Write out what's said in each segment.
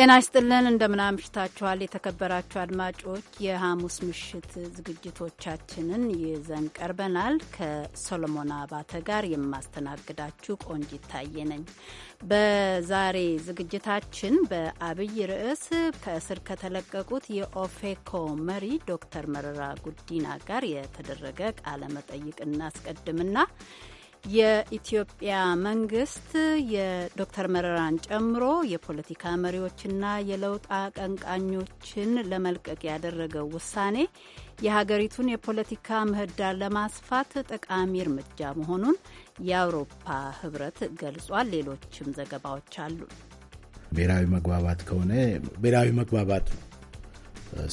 ጤና ይስጥልን እንደምን አምሽታችኋል የተከበራችሁ አድማጮች የሐሙስ ምሽት ዝግጅቶቻችንን ይዘን ቀርበናል ከሶሎሞን አባተ ጋር የማስተናግዳችሁ ቆንጅ ይታየ ነኝ በዛሬ ዝግጅታችን በአብይ ርዕስ ከእስር ከተለቀቁት የኦፌኮ መሪ ዶክተር መረራ ጉዲና ጋር የተደረገ ቃለ መጠይቅ እናስቀድምና የኢትዮጵያ መንግስት የዶክተር መረራን ጨምሮ የፖለቲካ መሪዎችና የለውጥ አቀንቃኞችን ለመልቀቅ ያደረገው ውሳኔ የሀገሪቱን የፖለቲካ ምህዳር ለማስፋት ጠቃሚ እርምጃ መሆኑን የአውሮፓ ህብረት ገልጿል። ሌሎችም ዘገባዎች አሉ። ብሔራዊ መግባባት ከሆነ ብሔራዊ መግባባት ነው።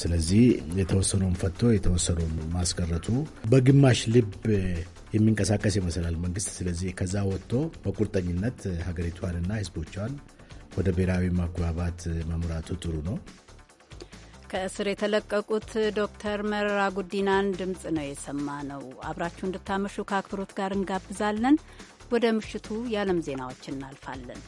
ስለዚህ የተወሰኑን ፈቶ የተወሰኑን ማስቀረቱ በግማሽ ልብ የሚንቀሳቀስ ይመስላል መንግስት። ስለዚህ ከዛ ወጥቶ በቁርጠኝነት ሀገሪቷንና ህዝቦቿን ወደ ብሔራዊ ማግባባት መምራቱ ጥሩ ነው። ከእስር የተለቀቁት ዶክተር መረራ ጉዲናን ድምፅ ነው የሰማ ነው። አብራችሁ እንድታመሹ ከአክብሮት ጋር እንጋብዛለን። ወደ ምሽቱ የዓለም ዜናዎች እናልፋለን።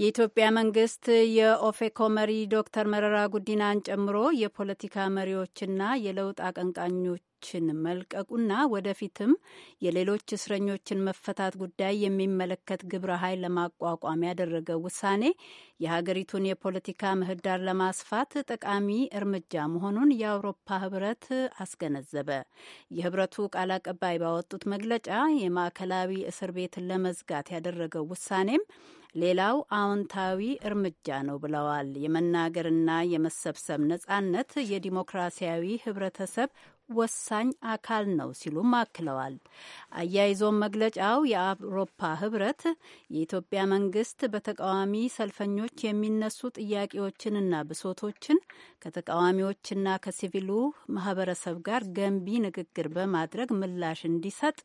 የኢትዮጵያ መንግስት የኦፌኮ መሪ ዶክተር መረራ ጉዲናን ጨምሮ የፖለቲካ መሪዎችና የለውጥ አቀንቃኞች ችን መልቀቁና ወደፊትም የሌሎች እስረኞችን መፈታት ጉዳይ የሚመለከት ግብረ ኃይል ለማቋቋም ያደረገው ውሳኔ የሀገሪቱን የፖለቲካ ምህዳር ለማስፋት ጠቃሚ እርምጃ መሆኑን የአውሮፓ ህብረት አስገነዘበ። የህብረቱ ቃል አቀባይ ባወጡት መግለጫ የማዕከላዊ እስር ቤትን ለመዝጋት ያደረገው ውሳኔም ሌላው አዎንታዊ እርምጃ ነው ብለዋል። የመናገርና የመሰብሰብ ነጻነት የዲሞክራሲያዊ ህብረተሰብ ወሳኝ አካል ነው ሲሉም አክለዋል። አያይዞም መግለጫው የአውሮፓ ህብረት የኢትዮጵያ መንግስት በተቃዋሚ ሰልፈኞች የሚነሱ ጥያቄዎችንና ብሶቶችን ከተቃዋሚዎችና ከሲቪሉ ማህበረሰብ ጋር ገንቢ ንግግር በማድረግ ምላሽ እንዲሰጥ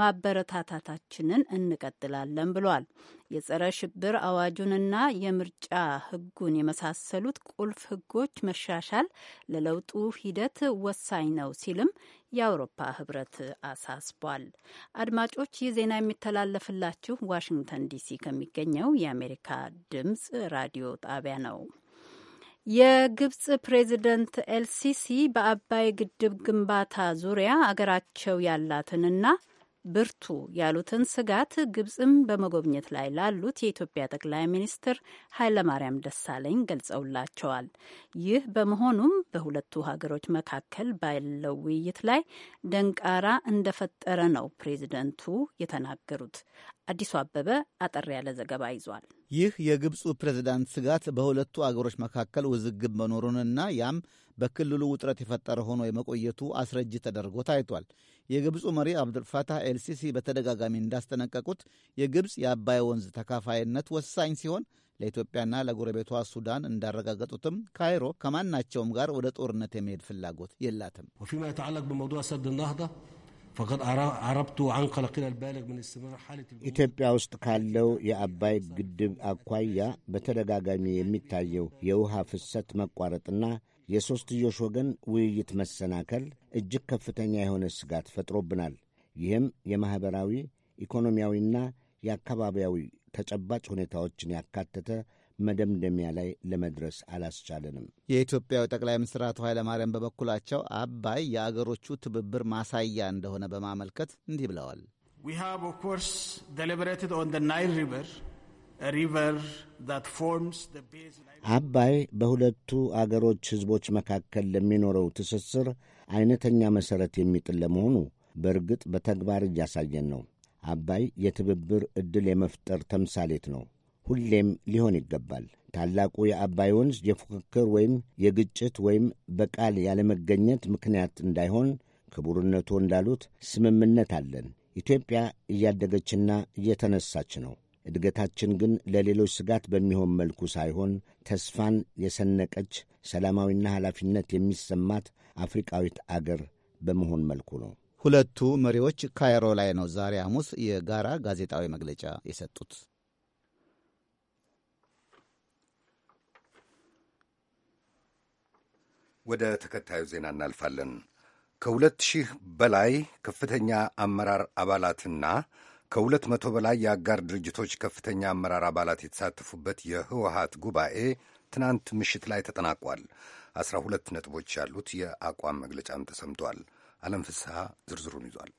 ማበረታታታችንን እንቀጥላለን ብሏል። የጸረ ሽብር አዋጁንና የምርጫ ህጉን የመሳሰሉት ቁልፍ ህጎች መሻሻል ለለውጡ ሂደት ወሳኝ ነው ሲልም የአውሮፓ ህብረት አሳስቧል። አድማጮች ይህ ዜና የሚተላለፍላችሁ ዋሽንግተን ዲሲ ከሚገኘው የአሜሪካ ድምጽ ራዲዮ ጣቢያ ነው። የግብጽ ፕሬዚደንት ኤልሲሲ በአባይ ግድብ ግንባታ ዙሪያ አገራቸው ያላትንና ብርቱ ያሉትን ስጋት ግብፅም በመጎብኘት ላይ ላሉት የኢትዮጵያ ጠቅላይ ሚኒስትር ኃይለማርያም ደሳለኝ ገልጸውላቸዋል። ይህ በመሆኑም በሁለቱ ሀገሮች መካከል ባለው ውይይት ላይ ደንቃራ እንደፈጠረ ነው ፕሬዚደንቱ የተናገሩት። አዲሱ አበበ አጠር ያለ ዘገባ ይዟል። ይህ የግብፁ ፕሬዝዳንት ስጋት በሁለቱ አገሮች መካከል ውዝግብ መኖሩንና ያም በክልሉ ውጥረት የፈጠረ ሆኖ የመቆየቱ አስረጅ ተደርጎ ታይቷል። የግብፁ መሪ አብዱልፋታህ ኤልሲሲ በተደጋጋሚ እንዳስጠነቀቁት የግብፅ የአባይ ወንዝ ተካፋይነት ወሳኝ ሲሆን ለኢትዮጵያና ለጎረቤቷ ሱዳን እንዳረጋገጡትም ካይሮ ከማናቸውም ጋር ወደ ጦርነት የሚሄድ ፍላጎት የላትም። ወፊማ የተዓለቅ ሰድ ናህዳ ኢትዮጵያ ውስጥ ካለው የአባይ ግድብ አኳያ በተደጋጋሚ የሚታየው የውሃ ፍሰት መቋረጥና የሦስትዮሽ ወገን ውይይት መሰናከል እጅግ ከፍተኛ የሆነ ስጋት ፈጥሮብናል። ይህም የማኅበራዊ ኢኮኖሚያዊና የአካባቢያዊ ተጨባጭ ሁኔታዎችን ያካተተ መደምደሚያ ላይ ለመድረስ አላስቻለንም። የኢትዮጵያው ጠቅላይ ሚኒስትር አቶ ኃይለማርያም በበኩላቸው አባይ የአገሮቹ ትብብር ማሳያ እንደሆነ በማመልከት እንዲህ ብለዋል። አባይ በሁለቱ አገሮች ሕዝቦች መካከል ለሚኖረው ትስስር አይነተኛ መሠረት የሚጥል ለመሆኑ በእርግጥ በተግባር እያሳየን ነው። አባይ የትብብር ዕድል የመፍጠር ተምሳሌት ነው። ሁሌም ሊሆን ይገባል። ታላቁ የአባይ ወንዝ የፉክክር ወይም የግጭት ወይም በቃል ያለመገኘት ምክንያት እንዳይሆን ክቡርነቱ እንዳሉት ስምምነት አለን። ኢትዮጵያ እያደገችና እየተነሳች ነው። እድገታችን ግን ለሌሎች ስጋት በሚሆን መልኩ ሳይሆን ተስፋን የሰነቀች ሰላማዊና ኃላፊነት የሚሰማት አፍሪቃዊት አገር በመሆን መልኩ ነው። ሁለቱ መሪዎች ካይሮ ላይ ነው ዛሬ ሐሙስ የጋራ ጋዜጣዊ መግለጫ የሰጡት። ወደ ተከታዩ ዜና እናልፋለን። ከሁለት ሺህ በላይ ከፍተኛ አመራር አባላትና ከሁለት መቶ በላይ የአጋር ድርጅቶች ከፍተኛ አመራር አባላት የተሳተፉበት የህወሀት ጉባኤ ትናንት ምሽት ላይ ተጠናቋል። አስራ ሁለት ነጥቦች ያሉት የአቋም መግለጫም ተሰምቷል። አለም ፍስሐ ዝርዝሩን ይዟል።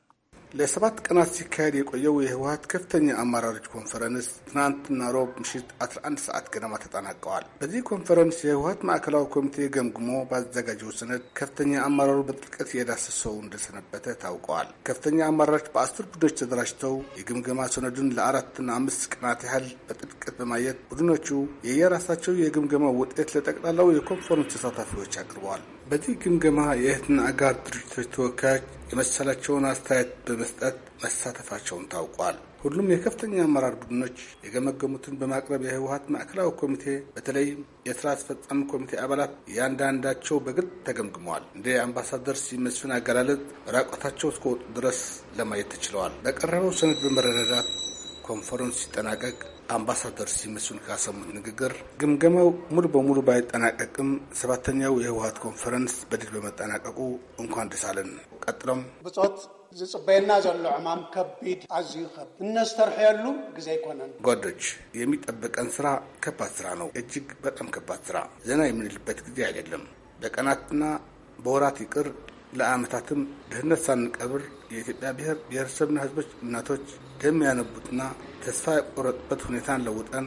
ለሰባት ቀናት ሲካሄድ የቆየው የህወሀት ከፍተኛ አመራሮች ኮንፈረንስ ትናንትና ሮብ ምሽት 11 ሰዓት ገደማ ተጠናቀዋል። በዚህ ኮንፈረንስ የህወሀት ማዕከላዊ ኮሚቴ ገምግሞ ባዘጋጀው ሰነድ ከፍተኛ አመራሩ በጥልቀት የዳሰሰው እንደሰነበተ ታውቀዋል። ከፍተኛ አመራሮች በአስር ቡድኖች ተደራጅተው የግምገማ ሰነዱን ለአራትና አምስት ቀናት ያህል በጥልቀት በማየት ቡድኖቹ የየራሳቸው የግምገማ ውጤት ለጠቅላላው የኮንፈረንስ ተሳታፊዎች አቅርበዋል። በዚህ ግምገማ የእህትና አጋር ድርጅቶች ተወካዮች የመሰላቸውን አስተያየት በመስጠት መሳተፋቸውን ታውቋል። ሁሉም የከፍተኛ አመራር ቡድኖች የገመገሙትን በማቅረብ የህወሀት ማዕከላዊ ኮሚቴ በተለይም የስራ አስፈጻሚ ኮሚቴ አባላት እያንዳንዳቸው በግል ተገምግመዋል። እንደ አምባሳደር ሲመስፍን አገላለጥ ራቆታቸው እስከወጡ ድረስ ለማየት ተችለዋል። በቀረበው ሰነድ በመረዳዳት ኮንፈረንስ ሲጠናቀቅ አምባሳደር ሲመስል ካሰሙት ንግግር ግምገማው ሙሉ በሙሉ ባይጠናቀቅም ሰባተኛው የህወሀት ኮንፈረንስ በድል በመጠናቀቁ እንኳን ደስ አለን። ቀጥሎም ብፆት ዝፅበየና ዘሎ ዕማም ከቢድ ኣዝዩ ከብ እነዝተርሕየሉ ግዜ ኣይኮነን። ጓዶች የሚጠበቀን ስራ ከባድ ስራ ነው። እጅግ በጣም ከባድ ስራ። ዘና የምንልበት ጊዜ አይደለም። በቀናትና በወራት ይቅር ለዓመታትም ድህነት ሳንቀብር የኢትዮጵያ ብሔር ብሔረሰብና ህዝቦች እናቶች ደም ያነቡትና ተስፋ የቆረጡበት ሁኔታን ለውጠን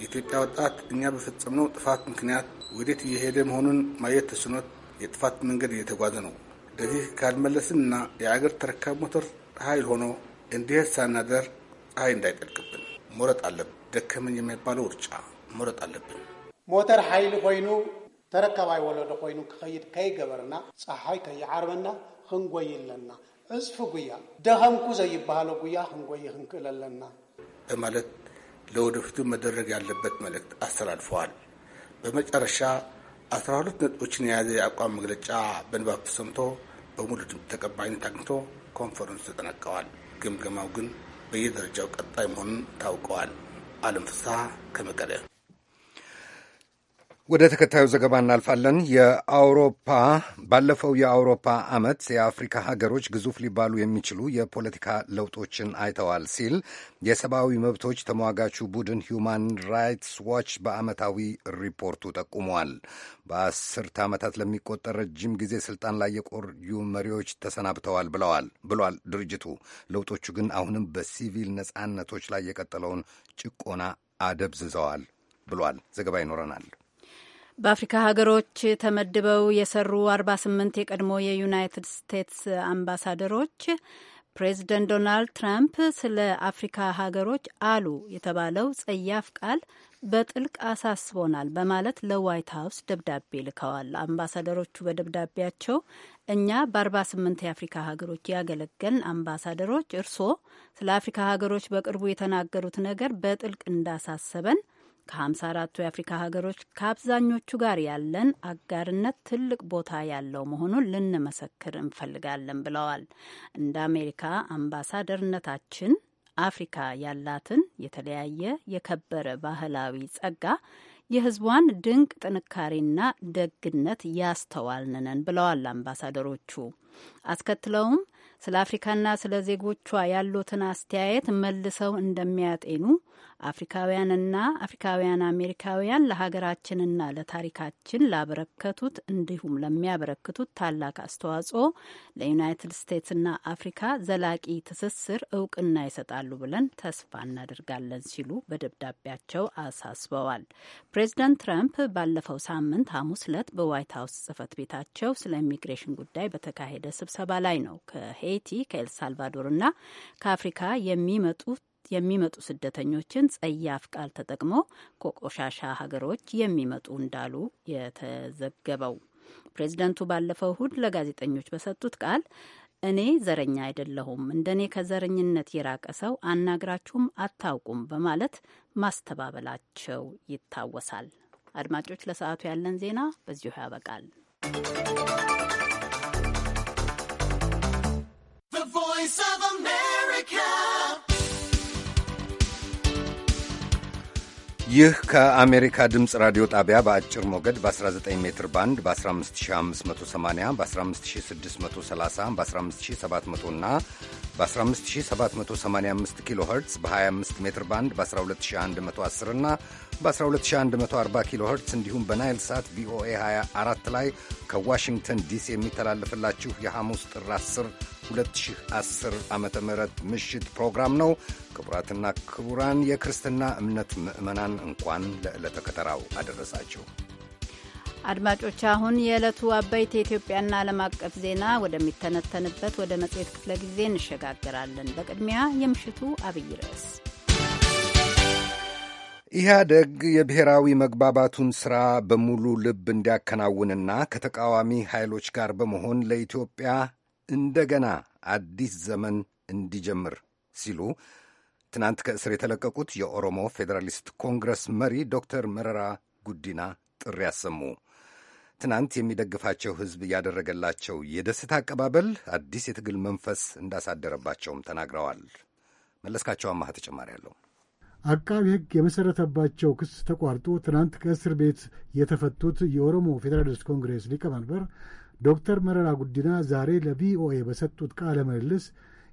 የኢትዮጵያ ወጣት እኛ በፈጸምነው ጥፋት ምክንያት ወዴት እየሄደ መሆኑን ማየት ተስኖት የጥፋት መንገድ እየተጓዘ ነው። ለዚህ ካልመለስንና የአገር ተረካብ ሞተር ኃይል ሆኖ እንዲህ ሳናደር ፀሐይ እንዳይጠልቅብን መረጥ አለብን። ደከመኝ የሚባለው ውርጫ መረጥ አለብን። ሞተር ኃይል ኮይኑ ተረካባይ ወለዶ ኮይኑ ክኸይድ ከይገበርና ፀሓይ ከይዓርበና ክንጎይለና እጽፍ ጉያ ደኸምኩ ዘይባሃለ ጉያ ህንጎይ ህንክለለና በማለት ለወደፊቱ መደረግ ያለበት መልእክት አስተላልፈዋል። በመጨረሻ አስራ ሁለት ነጥቦችን የያዘ የአቋም መግለጫ በንባብ ተሰምቶ በሙሉ ድምፅ ተቀባይነት አግኝቶ ኮንፈረንሱ ተጠናቀዋል። ግምገማው ግን በየደረጃው ቀጣይ መሆኑን ታውቀዋል። አለም ፍስሐ ከመቀለ ወደ ተከታዩ ዘገባ እናልፋለን። የአውሮፓ ባለፈው የአውሮፓ ዓመት የአፍሪካ ሀገሮች ግዙፍ ሊባሉ የሚችሉ የፖለቲካ ለውጦችን አይተዋል ሲል የሰብአዊ መብቶች ተሟጋቹ ቡድን ሂዩማን ራይትስ ዋች በዓመታዊ ሪፖርቱ ጠቁመዋል። በአስርተ ዓመታት ለሚቆጠር ረጅም ጊዜ ስልጣን ላይ የቆዩ መሪዎች ተሰናብተዋል ብለዋል ብሏል ድርጅቱ። ለውጦቹ ግን አሁንም በሲቪል ነጻነቶች ላይ የቀጠለውን ጭቆና አደብዝዘዋል ብሏል። ዘገባ ይኖረናል። በአፍሪካ ሀገሮች ተመድበው የሰሩ 48 የቀድሞ የዩናይትድ ስቴትስ አምባሳደሮች ፕሬዚደንት ዶናልድ ትራምፕ ስለ አፍሪካ ሀገሮች አሉ የተባለው ጸያፍ ቃል በጥልቅ አሳስቦናል በማለት ለዋይት ሀውስ ደብዳቤ ልከዋል። አምባሳደሮቹ በደብዳቤያቸው እኛ በ48 የአፍሪካ ሀገሮች ያገለገልን አምባሳደሮች እርስዎ ስለ አፍሪካ ሀገሮች በቅርቡ የተናገሩት ነገር በጥልቅ እንዳሳሰበን ከ54ቱ የአፍሪካ ሀገሮች ከአብዛኞቹ ጋር ያለን አጋርነት ትልቅ ቦታ ያለው መሆኑን ልንመሰክር እንፈልጋለን ብለዋል። እንደ አሜሪካ አምባሳደርነታችን አፍሪካ ያላትን የተለያየ የከበረ ባህላዊ ጸጋ የሕዝቧን ድንቅ ጥንካሬና ደግነት ያስተዋልንነን ብለዋል አምባሳደሮቹ። አስከትለውም ስለ አፍሪካና ስለ ዜጎቿ ያሉትን አስተያየት መልሰው እንደሚያጤኑ አፍሪካውያንና አፍሪካውያን አሜሪካውያን ለሀገራችንና ለታሪካችን ላበረከቱት እንዲሁም ለሚያበረክቱት ታላቅ አስተዋጽኦ ለዩናይትድ ስቴትስና አፍሪካ ዘላቂ ትስስር እውቅና ይሰጣሉ ብለን ተስፋ እናደርጋለን ሲሉ በደብዳቤያቸው አሳስበዋል። ፕሬዚዳንት ትራምፕ ባለፈው ሳምንት ሐሙስ ዕለት በዋይት ሀውስ ጽህፈት ቤታቸው ስለ ኢሚግሬሽን ጉዳይ በተካሄደ ስብሰባ ላይ ነው ከሄይቲ ከኤልሳልቫዶርና ከአፍሪካ የሚመጡት የሚመጡ ስደተኞችን ጸያፍ ቃል ተጠቅሞ ከቆሻሻ ሀገሮች የሚመጡ እንዳሉ የተዘገበው ፕሬዚደንቱ ባለፈው እሁድ ለጋዜጠኞች በሰጡት ቃል እኔ ዘረኛ አይደለሁም፣ እንደኔ ከዘረኝነት የራቀ ሰው አናግራችሁም አታውቁም በማለት ማስተባበላቸው ይታወሳል። አድማጮች፣ ለሰዓቱ ያለን ዜና በዚሁ ያበቃል። ቮይስ ኦፍ አሜሪካ ይህ ከአሜሪካ ድምፅ ራዲዮ ጣቢያ በአጭር ሞገድ በ19 ሜትር ባንድ በ15580 በ15630 በ15700 እና በ15785 ኪሎ ኸርትዝ በ25 ሜትር ባንድ በ12110 እና በ12140 ኪሎ ኸርትዝ እንዲሁም በናይል ሳት ቪኦኤ 24 ላይ ከዋሽንግተን ዲሲ የሚተላለፍላችሁ የሐሙስ ጥር 10 2010 ዓ ም ምሽት ፕሮግራም ነው። ክቡራትና ክቡራን የክርስትና እምነት ምዕመናን እንኳን ለዕለተ ከተራው አደረሳችሁ። አድማጮች፣ አሁን የዕለቱ አበይት የኢትዮጵያና ዓለም አቀፍ ዜና ወደሚተነተንበት ወደ መጽሔት ክፍለ ጊዜ እንሸጋግራለን። በቅድሚያ የምሽቱ አብይ ርዕስ ኢህአደግ የብሔራዊ መግባባቱን ሥራ በሙሉ ልብ እንዲያከናውንና ከተቃዋሚ ኃይሎች ጋር በመሆን ለኢትዮጵያ እንደገና አዲስ ዘመን እንዲጀምር ሲሉ ትናንት ከእስር የተለቀቁት የኦሮሞ ፌዴራሊስት ኮንግረስ መሪ ዶክተር መረራ ጉዲና ጥሪ አሰሙ። ትናንት የሚደግፋቸው ሕዝብ ያደረገላቸው የደስታ አቀባበል አዲስ የትግል መንፈስ እንዳሳደረባቸውም ተናግረዋል። መለስካቸው አማሃ ተጨማሪ አለው። አቃቢ ሕግ የመሠረተባቸው ክስ ተቋርጦ ትናንት ከእስር ቤት የተፈቱት የኦሮሞ ፌዴራሊስት ኮንግሬስ ሊቀመንበር ዶክተር መረራ ጉዲና ዛሬ ለቪኦኤ በሰጡት ቃለ ምልልስ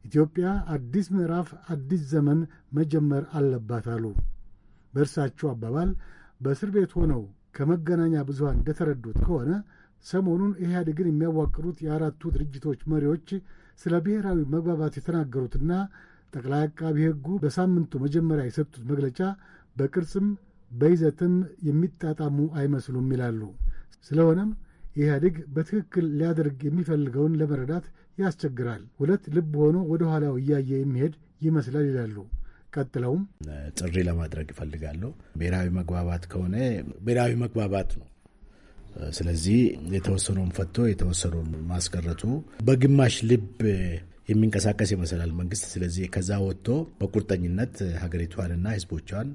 ኢትዮጵያ አዲስ ምዕራፍ፣ አዲስ ዘመን መጀመር አለባት አሉ። በእርሳቸው አባባል በእስር ቤት ሆነው ከመገናኛ ብዙሃን እንደተረዱት ከሆነ ሰሞኑን ኢህአዴግን የሚያዋቅሩት የአራቱ ድርጅቶች መሪዎች ስለ ብሔራዊ መግባባት የተናገሩትና ጠቅላይ አቃቢ ሕጉ በሳምንቱ መጀመሪያ የሰጡት መግለጫ በቅርጽም በይዘትም የሚጣጣሙ አይመስሉም ይላሉ። ስለሆነም ኢህአዴግ በትክክል ሊያደርግ የሚፈልገውን ለመረዳት ያስቸግራል። ሁለት ልብ ሆኖ ወደ ኋላው እያየ የሚሄድ ይመስላል ይላሉ። ቀጥለውም ጥሪ ለማድረግ ይፈልጋሉ። ብሔራዊ መግባባት ከሆነ ብሔራዊ መግባባት ነው። ስለዚህ የተወሰኑን ፈቶ የተወሰኑን ማስቀረቱ በግማሽ ልብ የሚንቀሳቀስ ይመስላል መንግስት። ስለዚህ ከዛ ወጥቶ በቁርጠኝነት ሀገሪቷንና ህዝቦቿን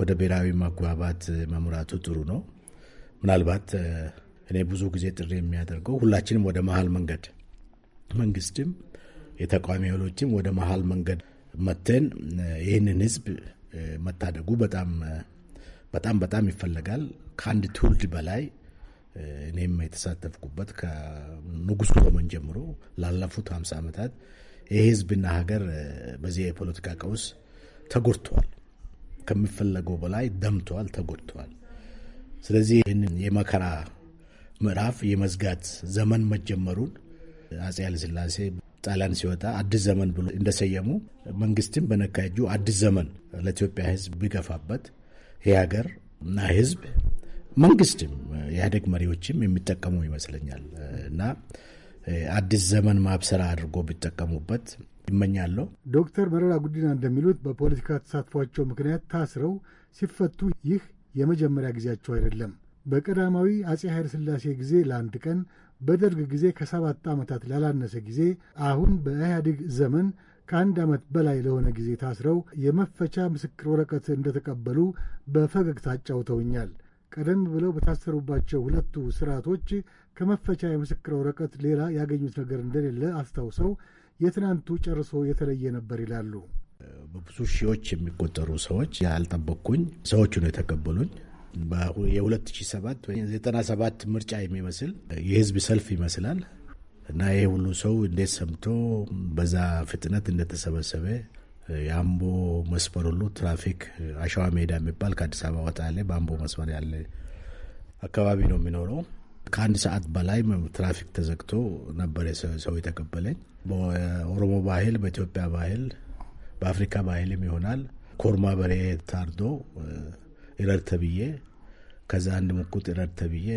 ወደ ብሔራዊ መግባባት መምራቱ ጥሩ ነው። ምናልባት እኔ ብዙ ጊዜ ጥሪ የሚያደርገው ሁላችንም ወደ መሀል መንገድ መንግስትም የተቃዋሚ ኃይሎችም ወደ መሀል መንገድ መተን ይህንን ህዝብ መታደጉ በጣም በጣም በጣም ይፈለጋል። ከአንድ ትውልድ በላይ እኔም የተሳተፍኩበት ከንጉሱ ዘመን ጀምሮ ላለፉት ሀምሳ ዓመታት ይህ ህዝብና ሀገር በዚህ የፖለቲካ ቀውስ ተጎድተዋል። ከሚፈለገው በላይ ደምተዋል፣ ተጎድተዋል። ስለዚህ ይህንን የመከራ ምዕራፍ የመዝጋት ዘመን መጀመሩን አፄ ኃይለሥላሴ ጣሊያን ሲወጣ አዲስ ዘመን ብሎ እንደሰየሙ መንግስትም በነካ እጁ አዲስ ዘመን ለኢትዮጵያ ህዝብ ቢገፋበት ይህ ሀገር እና ህዝብ መንግስትም የኢህአዴግ መሪዎችም የሚጠቀሙ ይመስለኛል እና አዲስ ዘመን ማብሰራ አድርጎ ቢጠቀሙበት ይመኛለሁ። ዶክተር መረራ ጉዲና እንደሚሉት በፖለቲካ ተሳትፏቸው ምክንያት ታስረው ሲፈቱ ይህ የመጀመሪያ ጊዜያቸው አይደለም። በቀዳማዊ አጼ ኃይለሥላሴ ጊዜ ለአንድ ቀን፣ በደርግ ጊዜ ከሰባት ዓመታት ላላነሰ ጊዜ፣ አሁን በኢህአዴግ ዘመን ከአንድ ዓመት በላይ ለሆነ ጊዜ ታስረው የመፈቻ ምስክር ወረቀት እንደተቀበሉ በፈገግታ አጫውተውኛል። ቀደም ብለው በታሰሩባቸው ሁለቱ ስርዓቶች ከመፈቻ የምስክር ወረቀት ሌላ ያገኙት ነገር እንደሌለ አስታውሰው የትናንቱ ጨርሶ የተለየ ነበር ይላሉ። በብዙ ሺዎች የሚቆጠሩ ሰዎች ያልጠበቅኩኝ ሰዎቹ ነው የተቀበሉኝ። የ2007 97 ምርጫ የሚመስል የህዝብ ሰልፍ ይመስላል እና ይህ ሁሉ ሰው እንዴት ሰምቶ በዛ ፍጥነት እንደተሰበሰበ የአምቦ መስመር ሁሉ ትራፊክ አሸዋ ሜዳ የሚባል ከአዲስ አበባ ወጣ ያለ በአምቦ መስመር ያለ አካባቢ ነው የሚኖረው። ከአንድ ሰዓት በላይ ትራፊክ ተዘግቶ ነበረ ሰው የተቀበለኝ። በኦሮሞ ባህል፣ በኢትዮጵያ ባህል፣ በአፍሪካ ባህልም ይሆናል ኮርማ በሬ ታርዶ ይረድ ተብዬ ከዛ አንድ ሙኩት ረድ ተብዬ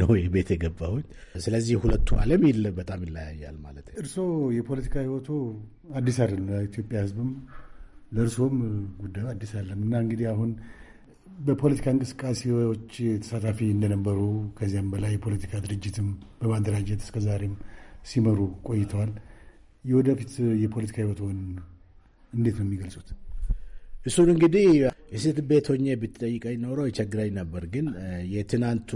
ነው ቤት የገባሁኝ። ስለዚህ ሁለቱ ዓለም በጣም ይለያያል ማለት ነው። እርስዎ የፖለቲካ ህይወቱ አዲስ አይደለም፣ ለኢትዮጵያ ህዝብም ለእርስዎም ጉዳዩ አዲስ አይደለም እና እንግዲህ አሁን በፖለቲካ እንቅስቃሴዎች ተሳታፊ እንደነበሩ ከዚያም በላይ የፖለቲካ ድርጅትም በማደራጀት እስከዛሬም ሲመሩ ቆይተዋል። የወደፊት የፖለቲካ ህይወትን እንዴት ነው የሚገልጹት? እሱን እንግዲህ እስት ቤት ሆኜ ብትጠይቀኝ ኖሮ ይቸግረኝ ነበር። ግን የትናንቱ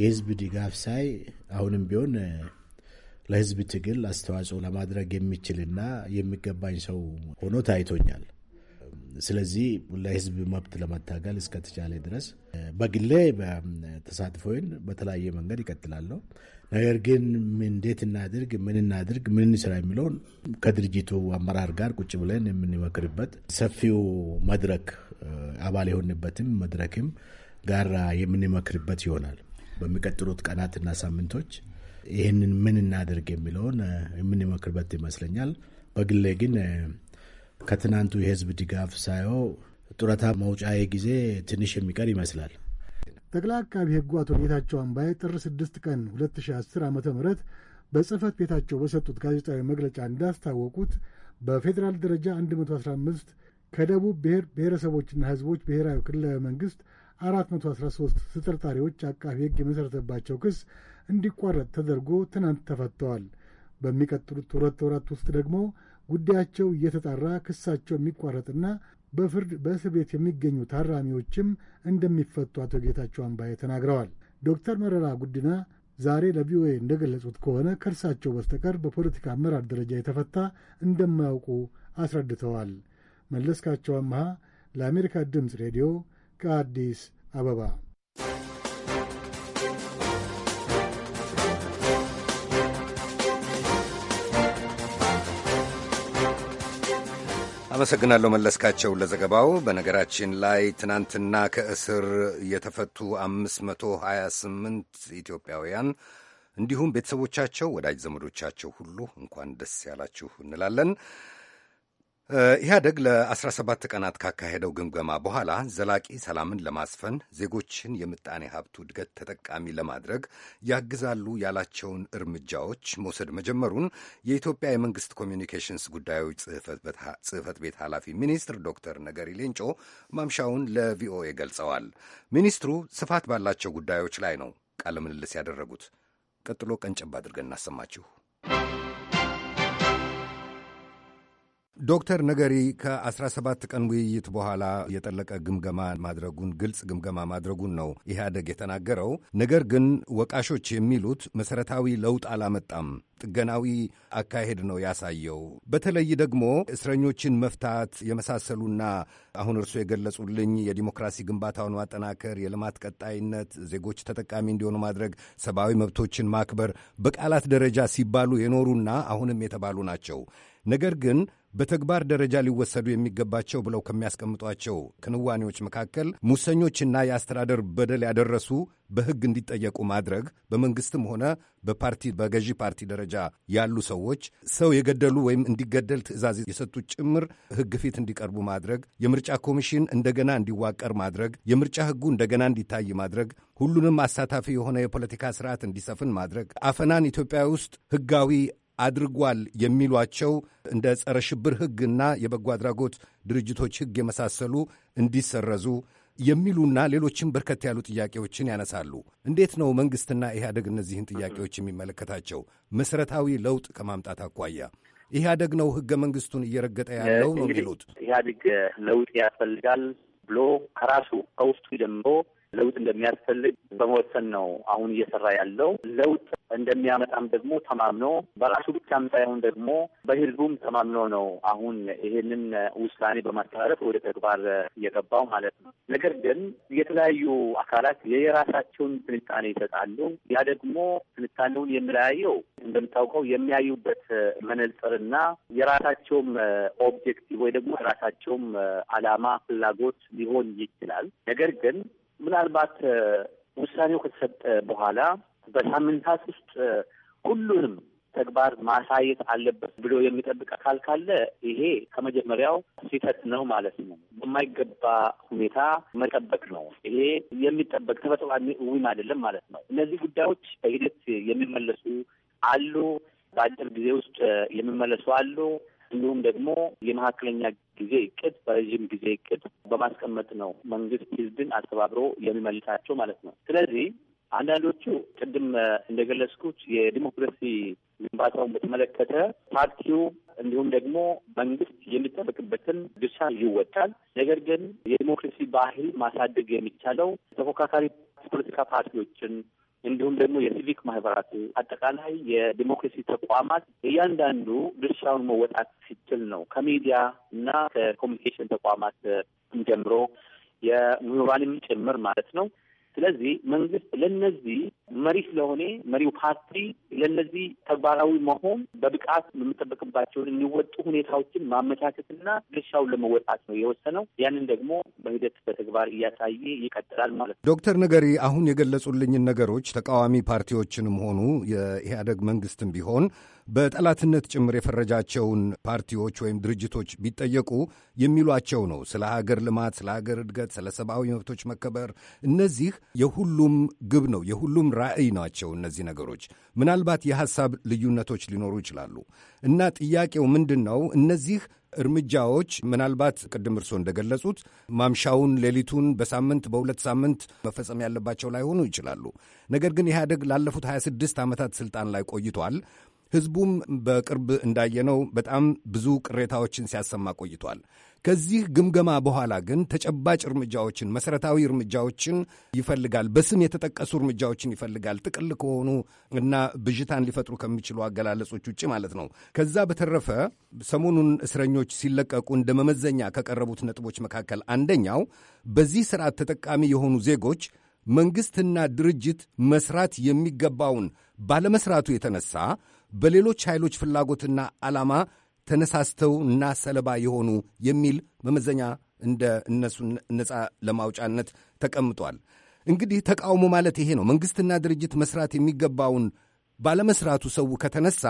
የህዝብ ድጋፍ ሳይ አሁንም ቢሆን ለህዝብ ትግል አስተዋጽኦ ለማድረግ የሚችልና የሚገባኝ ሰው ሆኖ ታይቶኛል። ስለዚህ ለህዝብ መብት ለመታገል እስከተቻለ ድረስ በግሌ ተሳትፎዬን በተለያየ መንገድ ይቀጥላለሁ። ነገር ግን እንዴት እናድርግ፣ ምን እናድርግ፣ ምን እንስራ የሚለውን ከድርጅቱ አመራር ጋር ቁጭ ብለን የምንመክርበት ሰፊው መድረክ አባል የሆንበትም መድረክም ጋራ የምንመክርበት ይሆናል። በሚቀጥሉት ቀናትና ሳምንቶች ይህንን ምን እናድርግ የሚለውን የምንመክርበት ይመስለኛል። በግሌ ግን ከትናንቱ የህዝብ ድጋፍ ሳየው ጡረታ መውጫዬ ጊዜ ትንሽ የሚቀር ይመስላል። ጠቅላይ አቃቢ ሕጉ አቶ ጌታቸው አምባይ ጥር 6 ቀን 2010 ዓ ም በጽህፈት ቤታቸው በሰጡት ጋዜጣዊ መግለጫ እንዳስታወቁት በፌዴራል ደረጃ 115 ከደቡብ ብሔር ብሔረሰቦችና ሕዝቦች ብሔራዊ ክልላዊ መንግሥት 413 ተጠርጣሪዎች አቃቢ ሕግ የመሠረተባቸው ክስ እንዲቋረጥ ተደርጎ ትናንት ተፈተዋል። በሚቀጥሉት ሁለት ወራት ውስጥ ደግሞ ጉዳያቸው እየተጣራ ክሳቸው የሚቋረጥና በፍርድ በእስር ቤት የሚገኙ ታራሚዎችም እንደሚፈቱ አቶ ጌታቸው አምባዬ ተናግረዋል። ዶክተር መረራ ጉዲና ዛሬ ለቪኦኤ እንደገለጹት ከሆነ ከእርሳቸው በስተቀር በፖለቲካ አመራር ደረጃ የተፈታ እንደማያውቁ አስረድተዋል። መለስካቸው አምሃ ለአሜሪካ ድምፅ ሬዲዮ ከአዲስ አበባ አመሰግናለሁ መለስካቸው ለዘገባው። በነገራችን ላይ ትናንትና ከእስር የተፈቱ 528 ኢትዮጵያውያን እንዲሁም ቤተሰቦቻቸው፣ ወዳጅ ዘመዶቻቸው ሁሉ እንኳን ደስ ያላችሁ እንላለን። ኢህአደግ ለ17 ቀናት ካካሄደው ግምገማ በኋላ ዘላቂ ሰላምን ለማስፈን ዜጎችን የምጣኔ ሀብቱ እድገት ተጠቃሚ ለማድረግ ያግዛሉ ያላቸውን እርምጃዎች መውሰድ መጀመሩን የኢትዮጵያ የመንግስት ኮሚኒኬሽንስ ጉዳዮች ጽህፈት ቤት ኃላፊ ሚኒስትር ዶክተር ነገሪ ሌንጮ ማምሻውን ለቪኦኤ ገልጸዋል። ሚኒስትሩ ስፋት ባላቸው ጉዳዮች ላይ ነው ቃለ ምልልስ ያደረጉት። ቀጥሎ ቀንጨብ አድርገን እናሰማችሁ። ዶክተር ነገሪ ከ17 ቀን ውይይት በኋላ የጠለቀ ግምገማ ማድረጉን ግልጽ ግምገማ ማድረጉን ነው ኢህአደግ የተናገረው። ነገር ግን ወቃሾች የሚሉት መሰረታዊ ለውጥ አላመጣም፣ ጥገናዊ አካሄድ ነው ያሳየው። በተለይ ደግሞ እስረኞችን መፍታት የመሳሰሉና አሁን እርሱ የገለጹልኝ የዲሞክራሲ ግንባታውን ማጠናከር፣ የልማት ቀጣይነት፣ ዜጎች ተጠቃሚ እንዲሆኑ ማድረግ፣ ሰብአዊ መብቶችን ማክበር በቃላት ደረጃ ሲባሉ የኖሩና አሁንም የተባሉ ናቸው። ነገር ግን በተግባር ደረጃ ሊወሰዱ የሚገባቸው ብለው ከሚያስቀምጧቸው ክንዋኔዎች መካከል ሙሰኞችና የአስተዳደር በደል ያደረሱ በሕግ እንዲጠየቁ ማድረግ፣ በመንግስትም ሆነ በፓርቲ በገዢ ፓርቲ ደረጃ ያሉ ሰዎች ሰው የገደሉ ወይም እንዲገደል ትዕዛዝ የሰጡት ጭምር ሕግ ፊት እንዲቀርቡ ማድረግ፣ የምርጫ ኮሚሽን እንደገና እንዲዋቀር ማድረግ፣ የምርጫ ሕጉ እንደገና እንዲታይ ማድረግ፣ ሁሉንም አሳታፊ የሆነ የፖለቲካ ስርዓት እንዲሰፍን ማድረግ፣ አፈናን ኢትዮጵያ ውስጥ ሕጋዊ አድርጓል የሚሏቸው እንደ ጸረ ሽብር ሕግና የበጎ አድራጎት ድርጅቶች ሕግ የመሳሰሉ እንዲሰረዙ የሚሉና ሌሎችም በርከት ያሉ ጥያቄዎችን ያነሳሉ። እንዴት ነው መንግስትና ኢህአደግ እነዚህን ጥያቄዎች የሚመለከታቸው? መሰረታዊ ለውጥ ከማምጣት አኳያ ኢህአደግ ነው ህገ መንግስቱን እየረገጠ ያለው ነው የሚሉት። ኢህአደግ ለውጥ ያስፈልጋል ብሎ ከራሱ ከውስጡ ጀምሮ ለውጥ እንደሚያስፈልግ በመወሰን ነው አሁን እየሰራ ያለው። ለውጥ እንደሚያመጣም ደግሞ ተማምኖ በራሱ ብቻም ሳይሆን ደግሞ በህዝቡም ተማምኖ ነው አሁን ይሄንን ውሳኔ በማስተላለፍ ወደ ተግባር እየገባው ማለት ነው። ነገር ግን የተለያዩ አካላት የራሳቸውን ትንታኔ ይሰጣሉ። ያ ደግሞ ትንታኔውን የሚለያየው እንደምታውቀው የሚያዩበት መነጽርና የራሳቸውም ኦብጀክቲቭ ወይ ደግሞ የራሳቸውም አላማ ፍላጎት ሊሆን ይችላል። ነገር ግን ምናልባት ውሳኔው ከተሰጠ በኋላ በሳምንታት ውስጥ ሁሉንም ተግባር ማሳየት አለበት ብሎ የሚጠብቅ አካል ካለ ይሄ ከመጀመሪያው ስህተት ነው ማለት ነው። በማይገባ ሁኔታ መጠበቅ ነው። ይሄ የሚጠበቅ ተፈጥሯዊም አይደለም ማለት ነው። እነዚህ ጉዳዮች በሂደት የሚመለሱ አሉ። በአጭር ጊዜ ውስጥ የሚመለሱ አሉ። እንዲሁም ደግሞ የመካከለኛ ጊዜ እቅድ፣ በረዥም ጊዜ እቅድ በማስቀመጥ ነው መንግስት ህዝብን አስተባብሮ የሚመልሳቸው ማለት ነው። ስለዚህ አንዳንዶቹ ቅድም እንደገለጽኩት የዲሞክራሲ ግንባታውን በተመለከተ ፓርቲው እንዲሁም ደግሞ መንግስት የሚጠበቅበትን ድርሻ ይወጣል። ነገር ግን የዲሞክራሲ ባህል ማሳደግ የሚቻለው ተፎካካሪ ፖለቲካ ፓርቲዎችን እንዲሁም ደግሞ የሲቪክ ማህበራት አጠቃላይ የዲሞክራሲ ተቋማት እያንዳንዱ ድርሻውን መወጣት ሲችል ነው። ከሚዲያ እና ከኮሚኒኬሽን ተቋማት ጀምሮ የምሁራንም ጭምር ማለት ነው ስለዚህ መንግስት ለነዚህ መሪ ስለሆነ መሪው ፓርቲ ለነዚህ ተግባራዊ መሆን በብቃት የምጠበቅባቸውን የሚወጡ ሁኔታዎችን ማመቻቸትና ድርሻውን ለመወጣት ነው የወሰነው። ያንን ደግሞ በሂደት በተግባር እያሳየ ይቀጥላል ማለት ነው። ዶክተር ነገሪ አሁን የገለጹልኝን ነገሮች ተቃዋሚ ፓርቲዎችንም ሆኑ የኢህአደግ መንግስትም ቢሆን በጠላትነት ጭምር የፈረጃቸውን ፓርቲዎች ወይም ድርጅቶች ቢጠየቁ የሚሏቸው ነው። ስለ ሀገር ልማት፣ ስለ ሀገር እድገት፣ ስለ ሰብአዊ መብቶች መከበር፣ እነዚህ የሁሉም ግብ ነው፣ የሁሉም ራዕይ ናቸው። እነዚህ ነገሮች ምናልባት የሐሳብ ልዩነቶች ሊኖሩ ይችላሉ እና ጥያቄው ምንድን ነው እነዚህ እርምጃዎች ምናልባት ቅድም እርስዎ እንደገለጹት ማምሻውን፣ ሌሊቱን፣ በሳምንት በሁለት ሳምንት መፈጸም ያለባቸው ላይሆኑ ይችላሉ። ነገር ግን ኢህአደግ ላለፉት 26 ዓመታት ስልጣን ላይ ቆይቷል። ህዝቡም በቅርብ እንዳየነው በጣም ብዙ ቅሬታዎችን ሲያሰማ ቆይቷል። ከዚህ ግምገማ በኋላ ግን ተጨባጭ እርምጃዎችን መሰረታዊ እርምጃዎችን ይፈልጋል። በስም የተጠቀሱ እርምጃዎችን ይፈልጋል። ጥቅል ከሆኑ እና ብዥታን ሊፈጥሩ ከሚችሉ አገላለጾች ውጭ ማለት ነው። ከዛ በተረፈ ሰሞኑን እስረኞች ሲለቀቁ እንደ መመዘኛ ከቀረቡት ነጥቦች መካከል አንደኛው በዚህ ስርዓት ተጠቃሚ የሆኑ ዜጎች መንግስትና ድርጅት መስራት የሚገባውን ባለመስራቱ የተነሳ በሌሎች ኃይሎች ፍላጎትና ዓላማ እና ሰለባ የሆኑ የሚል መመዘኛ እንደ እነሱን ነፃ ለማውጫነት ተቀምጧል። እንግዲህ ተቃውሞ ማለት ይሄ ነው። መንግሥትና ድርጅት መስራት የሚገባውን ባለመስራቱ ሰው ከተነሳ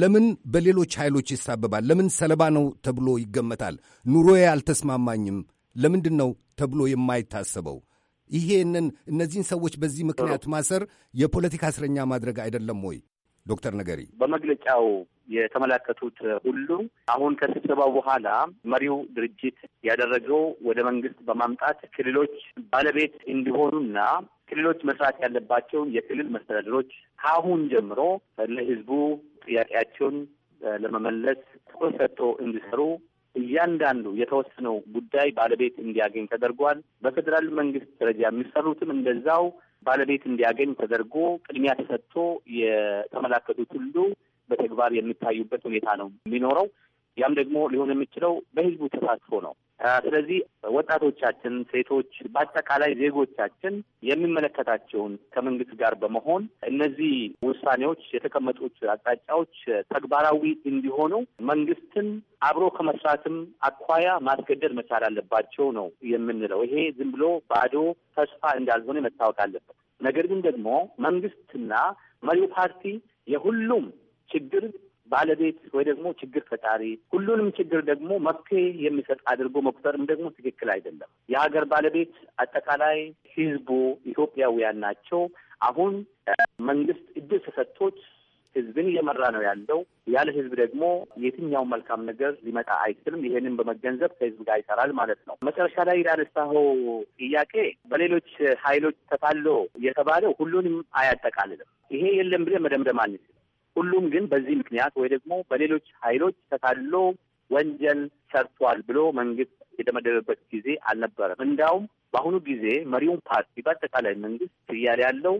ለምን በሌሎች ኃይሎች ይሳበባል? ለምን ሰለባ ነው ተብሎ ይገመታል? ኑሮዬ አልተስማማኝም ለምንድን ነው ተብሎ የማይታሰበው? ይሄንን እነዚህን ሰዎች በዚህ ምክንያት ማሰር የፖለቲካ እስረኛ ማድረግ አይደለም ወይ? ዶክተር ነገሪ በመግለጫው የተመለከቱት ሁሉ አሁን ከስብሰባው በኋላ መሪው ድርጅት ያደረገው ወደ መንግስት በማምጣት ክልሎች ባለቤት እንዲሆኑና ክልሎች መስራት ያለባቸውን የክልል መስተዳድሮች ከአሁን ጀምሮ ለህዝቡ ጥያቄያቸውን ለመመለስ ትኩረት ሰጥቶ እንዲሰሩ እያንዳንዱ የተወሰነው ጉዳይ ባለቤት እንዲያገኝ ተደርጓል። በፌዴራል መንግስት ደረጃ የሚሰሩትም እንደዛው ባለቤት እንዲያገኝ ተደርጎ ቅድሚያ ተሰጥቶ የተመላከቱት ሁሉ በተግባር የሚታዩበት ሁኔታ ነው የሚኖረው። ያም ደግሞ ሊሆን የሚችለው በህዝቡ ተሳትፎ ነው። ስለዚህ ወጣቶቻችን፣ ሴቶች፣ በአጠቃላይ ዜጎቻችን የሚመለከታቸውን ከመንግስት ጋር በመሆን እነዚህ ውሳኔዎች፣ የተቀመጡት አቅጣጫዎች ተግባራዊ እንዲሆኑ መንግስትን አብሮ ከመስራትም አኳያ ማስገደድ መቻል አለባቸው ነው የምንለው። ይሄ ዝም ብሎ ባዶ ተስፋ እንዳልሆነ መታወቅ አለበት። ነገር ግን ደግሞ መንግስትና መሪው ፓርቲ የሁሉም ችግር ባለቤት ወይ ደግሞ ችግር ፈጣሪ፣ ሁሉንም ችግር ደግሞ መፍትሄ የሚሰጥ አድርጎ መቁጠርም ደግሞ ትክክል አይደለም። የሀገር ባለቤት አጠቃላይ ህዝቡ ኢትዮጵያውያን ናቸው። አሁን መንግስት እድል ተሰጥቶት ህዝብን እየመራ ነው ያለው። ያለ ህዝብ ደግሞ የትኛው መልካም ነገር ሊመጣ አይችልም። ይሄንን በመገንዘብ ከህዝብ ጋር ይሰራል ማለት ነው። መጨረሻ ላይ ያነሳኸው ጥያቄ በሌሎች ኃይሎች ተታሎ የተባለው ሁሉንም አያጠቃልልም። ይሄ የለም ብለህ መደምደም አንችልም። ሁሉም ግን በዚህ ምክንያት ወይ ደግሞ በሌሎች ኃይሎች ተታሎ ወንጀል ሰርቷል ብሎ መንግስት የተመደበበት ጊዜ አልነበረም። እንዲያውም በአሁኑ ጊዜ መሪውን ፓርቲ በአጠቃላይ መንግስት እያለ ያለው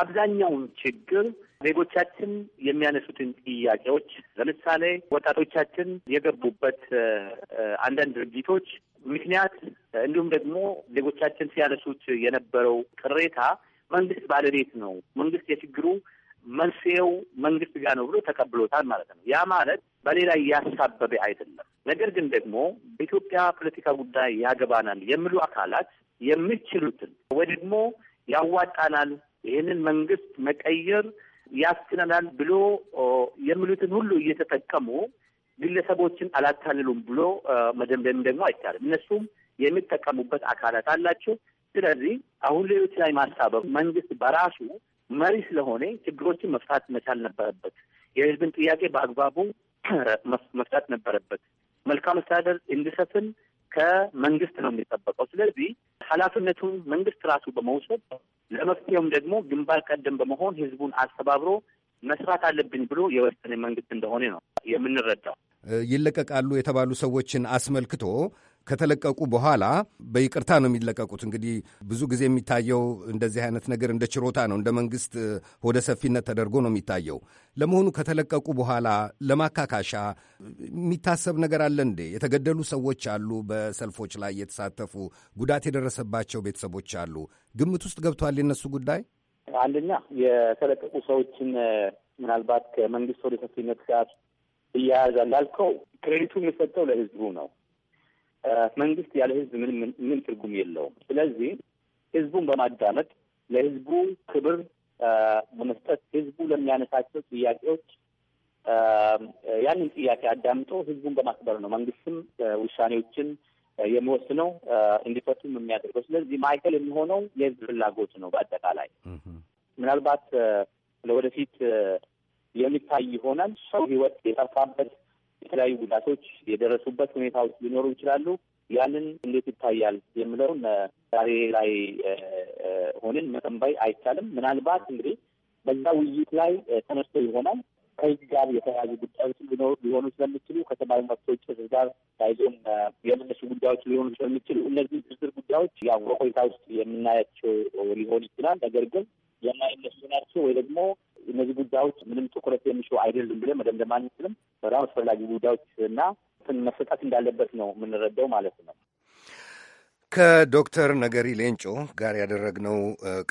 አብዛኛውን ችግር ዜጎቻችን የሚያነሱትን ጥያቄዎች ለምሳሌ ወጣቶቻችን የገቡበት አንዳንድ ድርጊቶች ምክንያት እንዲሁም ደግሞ ዜጎቻችን ሲያነሱት የነበረው ቅሬታ መንግስት ባለቤት ነው፣ መንግስት የችግሩ መንስኤው መንግስት ጋር ነው ብሎ ተቀብሎታል ማለት ነው። ያ ማለት በሌላ እያሳበበ አይደለም። ነገር ግን ደግሞ በኢትዮጵያ ፖለቲካ ጉዳይ ያገባናል የሚሉ አካላት የሚችሉትን ወይ ደግሞ ያዋጣናል፣ ይህንን መንግስት መቀየር ያስችለናል ብሎ የሚሉትን ሁሉ እየተጠቀሙ ግለሰቦችን አላታልሉም ብሎ መደምደም ደግሞ አይቻልም። እነሱም የሚጠቀሙበት አካላት አላቸው። ስለዚህ አሁን ሌሎች ላይ ማሳበብ መንግስት በራሱ መሪ ስለሆነ ችግሮችን መፍታት መቻል ነበረበት። የህዝብን ጥያቄ በአግባቡ መፍታት ነበረበት። መልካም አስተዳደር እንዲሰፍን ከመንግስት ነው የሚጠበቀው። ስለዚህ ኃላፊነቱን መንግስት ራሱ በመውሰድ ለመፍትሄውም ደግሞ ግንባር ቀደም በመሆን ህዝቡን አስተባብሮ መስራት አለብኝ ብሎ የወሰነ መንግስት እንደሆነ ነው የምንረዳው። ይለቀቃሉ የተባሉ ሰዎችን አስመልክቶ ከተለቀቁ በኋላ በይቅርታ ነው የሚለቀቁት። እንግዲህ ብዙ ጊዜ የሚታየው እንደዚህ አይነት ነገር እንደ ችሮታ ነው፣ እንደ መንግስት ሆደ ሰፊነት ተደርጎ ነው የሚታየው። ለመሆኑ ከተለቀቁ በኋላ ለማካካሻ የሚታሰብ ነገር አለ እንዴ? የተገደሉ ሰዎች አሉ፣ በሰልፎች ላይ የተሳተፉ ጉዳት የደረሰባቸው ቤተሰቦች አሉ። ግምት ውስጥ ገብቷል የነሱ ጉዳይ? አንደኛ የተለቀቁ ሰዎችን ምናልባት ከመንግስት ወደ ሰፊነት ጋር እያያዛ እንዳልከው ክሬዲቱ የሚሰጠው ለህዝቡ ነው። መንግስት ያለ ህዝብ ምን ትርጉም የለውም። ስለዚህ ህዝቡን በማዳመጥ ለህዝቡ ክብር በመስጠት ህዝቡ ለሚያነሳቸው ጥያቄዎች ያንን ጥያቄ አዳምጦ ህዝቡን በማክበር ነው መንግስትም ውሳኔዎችን የሚወስነው እንዲፈቱም የሚያደርገው። ስለዚህ ማዕከል የሚሆነው የህዝብ ፍላጎት ነው። በአጠቃላይ ምናልባት ለወደፊት የሚታይ ይሆናል ሰው ህይወት የጠፋበት የተለያዩ ጉዳቶች የደረሱበት ሁኔታዎች ሊኖሩ ይችላሉ። ያንን እንዴት ይታያል የምለውን ዛሬ ላይ ሆንን መጠንባይ አይቻልም። ምናልባት እንግዲህ በዛ ውይይት ላይ ተነስቶ ይሆናል ከህግ ጋር የተለያዩ ጉዳዮች ሊኖሩ ሊሆኑ ስለሚችሉ ከሰብአዊ መብቶች ጥሰት ጋር ታይዞም የምነሱ ጉዳዮች ሊሆኑ ስለሚችሉ እነዚህ ዝርዝር ጉዳዮች ያው በቆይታ ውስጥ የምናያቸው ሊሆን ይችላል። ነገር ግን የማይነሱ ናቸው ወይ ደግሞ እነዚህ ጉዳዮች ምንም ትኩረት የሚሹ አይደሉም ብለን መደምደም አንችልም። በጣም አስፈላጊ ጉዳዮች እና መሰጠት እንዳለበት ነው የምንረዳው ማለት ነው። ከዶክተር ነገሪ ሌንጮ ጋር ያደረግነው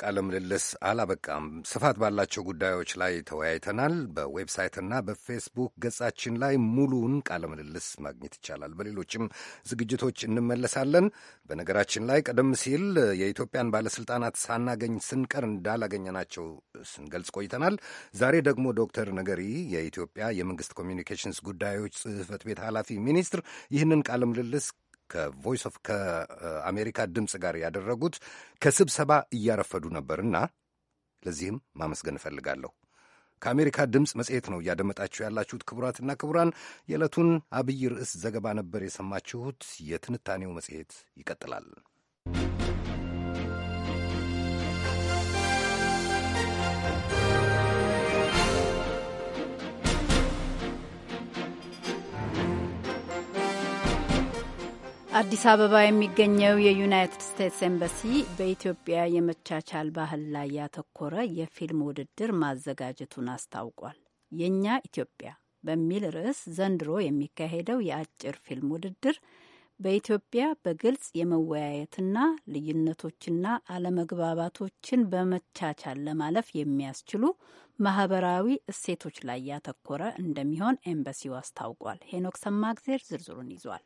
ቃለ ምልልስ አላበቃም። ስፋት ባላቸው ጉዳዮች ላይ ተወያይተናል። በዌብሳይትና በፌስቡክ ገጻችን ላይ ሙሉውን ቃለ ምልልስ ማግኘት ይቻላል። በሌሎችም ዝግጅቶች እንመለሳለን። በነገራችን ላይ ቀደም ሲል የኢትዮጵያን ባለስልጣናት ሳናገኝ ስንቀር እንዳላገኘናቸው ስንገልጽ ቆይተናል። ዛሬ ደግሞ ዶክተር ነገሪ የኢትዮጵያ የመንግስት ኮሚኒኬሽንስ ጉዳዮች ጽህፈት ቤት ኃላፊ ሚኒስትር ይህንን ቃለ ምልልስ ከቮይስ ኦፍ ከአሜሪካ ድምፅ ጋር ያደረጉት ከስብሰባ እያረፈዱ ነበርና ለዚህም ማመስገን እፈልጋለሁ። ከአሜሪካ ድምፅ መጽሔት ነው እያደመጣችሁ ያላችሁት። ክቡራትና ክቡራን፣ የዕለቱን አብይ ርዕስ ዘገባ ነበር የሰማችሁት። የትንታኔው መጽሔት ይቀጥላል። አዲስ አበባ የሚገኘው የዩናይትድ ስቴትስ ኤምባሲ በኢትዮጵያ የመቻቻል ባህል ላይ ያተኮረ የፊልም ውድድር ማዘጋጀቱን አስታውቋል። የእኛ ኢትዮጵያ በሚል ርዕስ ዘንድሮ የሚካሄደው የአጭር ፊልም ውድድር በኢትዮጵያ በግልጽ የመወያየትና ልዩነቶችና አለመግባባቶችን በመቻቻል ለማለፍ የሚያስችሉ ማህበራዊ እሴቶች ላይ ያተኮረ እንደሚሆን ኤምባሲው አስታውቋል። ሄኖክ ሰማግዜር ዝርዝሩን ይዟል።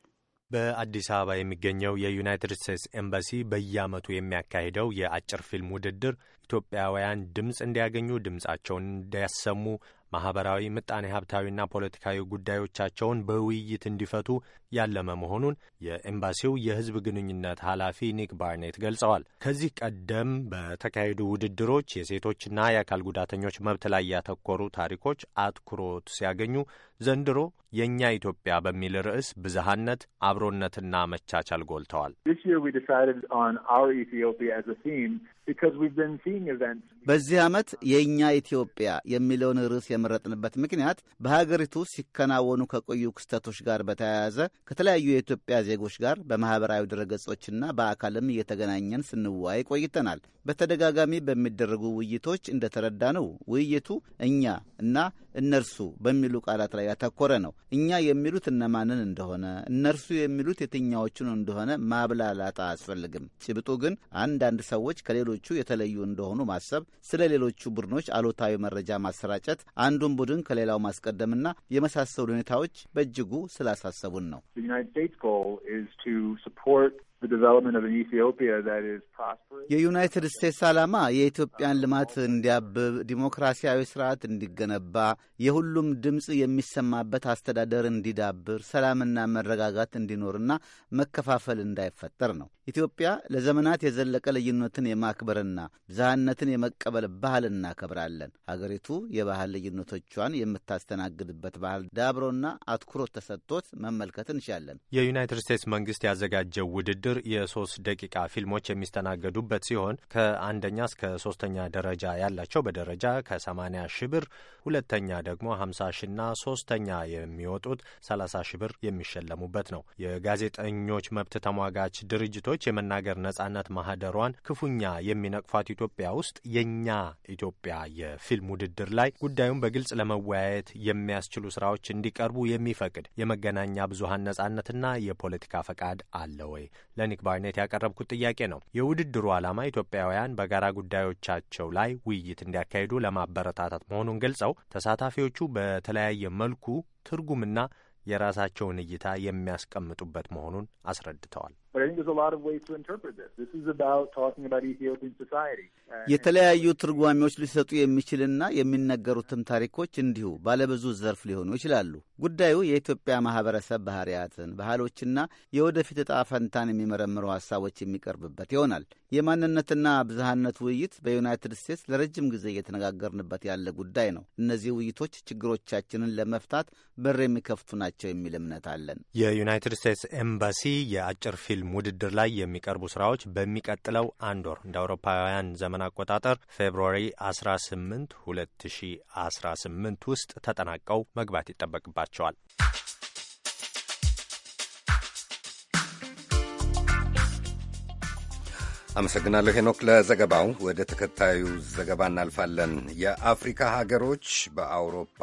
በአዲስ አበባ የሚገኘው የዩናይትድ ስቴትስ ኤምባሲ በየዓመቱ የሚያካሂደው የአጭር ፊልም ውድድር ኢትዮጵያውያን ድምፅ እንዲያገኙ፣ ድምፃቸውን እንዲያሰሙ፣ ማህበራዊ ምጣኔ ሀብታዊና ፖለቲካዊ ጉዳዮቻቸውን በውይይት እንዲፈቱ ያለመ መሆኑን የኤምባሲው የህዝብ ግንኙነት ኃላፊ ኒክ ባርኔት ገልጸዋል። ከዚህ ቀደም በተካሄዱ ውድድሮች የሴቶችና የአካል ጉዳተኞች መብት ላይ ያተኮሩ ታሪኮች አትኩሮት ሲያገኙ ዘንድሮ የእኛ ኢትዮጵያ በሚል ርዕስ ብዝሃነት፣ አብሮነትና መቻቻል ጎልተዋል። በዚህ ዓመት የእኛ ኢትዮጵያ የሚለውን ርዕስ የመረጥንበት ምክንያት በሀገሪቱ ሲከናወኑ ከቆዩ ክስተቶች ጋር በተያያዘ ከተለያዩ የኢትዮጵያ ዜጎች ጋር በማኅበራዊ ድረገጾችና በአካልም እየተገናኘን ስንወያይ ቆይተናል። በተደጋጋሚ በሚደረጉ ውይይቶች እንደተረዳ ነው ውይይቱ እኛ እና እነርሱ በሚሉ ቃላት ላይ ያተኮረ ነው። እኛ የሚሉት እነማንን እንደሆነ፣ እነርሱ የሚሉት የትኛዎቹን እንደሆነ ማብላላት አያስፈልግም። ጭብጡ ግን አንዳንድ ሰዎች ከሌሎቹ የተለዩ እንደሆኑ ማሰብ፣ ስለ ሌሎቹ ቡድኖች አሉታዊ መረጃ ማሰራጨት፣ አንዱን ቡድን ከሌላው ማስቀደምና የመሳሰሉ ሁኔታዎች በእጅጉ ስላሳሰቡን ነው። the United States goal is to support የዩናይትድ ስቴትስ ዓላማ የኢትዮጵያን ልማት እንዲያብብ፣ ዲሞክራሲያዊ ስርዓት እንዲገነባ፣ የሁሉም ድምፅ የሚሰማበት አስተዳደር እንዲዳብር፣ ሰላምና መረጋጋት እንዲኖርና መከፋፈል እንዳይፈጠር ነው። ኢትዮጵያ ለዘመናት የዘለቀ ልዩነትን የማክበርና ብዝሃነትን የመቀበል ባህል እናከብራለን። ሀገሪቱ የባህል ልዩነቶቿን የምታስተናግድበት ባህል ዳብሮና አትኩሮት ተሰጥቶት መመልከት እንሻለን። የዩናይትድ ስቴትስ መንግስት ያዘጋጀው ውድድር ውድድር የሶስት ደቂቃ ፊልሞች የሚስተናገዱበት ሲሆን ከአንደኛ እስከ ሶስተኛ ደረጃ ያላቸው በደረጃ ከ80 ሺ ብር፣ ሁለተኛ ደግሞ 50 ሺና ሶስተኛ የሚወጡት 30 ሺ ብር የሚሸለሙበት ነው። የጋዜጠኞች መብት ተሟጋች ድርጅቶች የመናገር ነጻነት ማህደሯን ክፉኛ የሚነቅፏት ኢትዮጵያ ውስጥ የእኛ ኢትዮጵያ የፊልም ውድድር ላይ ጉዳዩን በግልጽ ለመወያየት የሚያስችሉ ስራዎች እንዲቀርቡ የሚፈቅድ የመገናኛ ብዙሀን ነጻነትና የፖለቲካ ፈቃድ አለ ወይ? ለኒክ ባርኔት ያቀረብኩት ጥያቄ ነው። የውድድሩ ዓላማ ኢትዮጵያውያን በጋራ ጉዳዮቻቸው ላይ ውይይት እንዲያካሂዱ ለማበረታታት መሆኑን ገልጸው ተሳታፊዎቹ በተለያየ መልኩ ትርጉምና የራሳቸውን እይታ የሚያስቀምጡበት መሆኑን አስረድተዋል። የተለያዩ ትርጓሜዎች ሊሰጡ የሚችልና የሚነገሩትም ታሪኮች እንዲሁ ባለብዙ ዘርፍ ሊሆኑ ይችላሉ። ጉዳዩ የኢትዮጵያ ማህበረሰብ ባህሪያትን፣ ባህሎችና የወደፊት እጣ ፈንታን የሚመረምሩ ሀሳቦች የሚቀርብበት ይሆናል። የማንነትና ብዝሃነት ውይይት በዩናይትድ ስቴትስ ለረጅም ጊዜ እየተነጋገርንበት ያለ ጉዳይ ነው። እነዚህ ውይይቶች ችግሮቻችንን ለመፍታት በር የሚከፍቱ ናቸው የሚል እምነት አለን። የዩናይትድ ስቴትስ ኤምባሲ የአጭር ፊልም ፊልም ውድድር ላይ የሚቀርቡ ስራዎች በሚቀጥለው አንድ ወር እንደ አውሮፓውያን ዘመን አቆጣጠር ፌብሩዋሪ 18 2018 ውስጥ ተጠናቀው መግባት ይጠበቅባቸዋል። አመሰግናለሁ ሄኖክ ለዘገባው። ወደ ተከታዩ ዘገባ እናልፋለን። የአፍሪካ ሀገሮች በአውሮፓ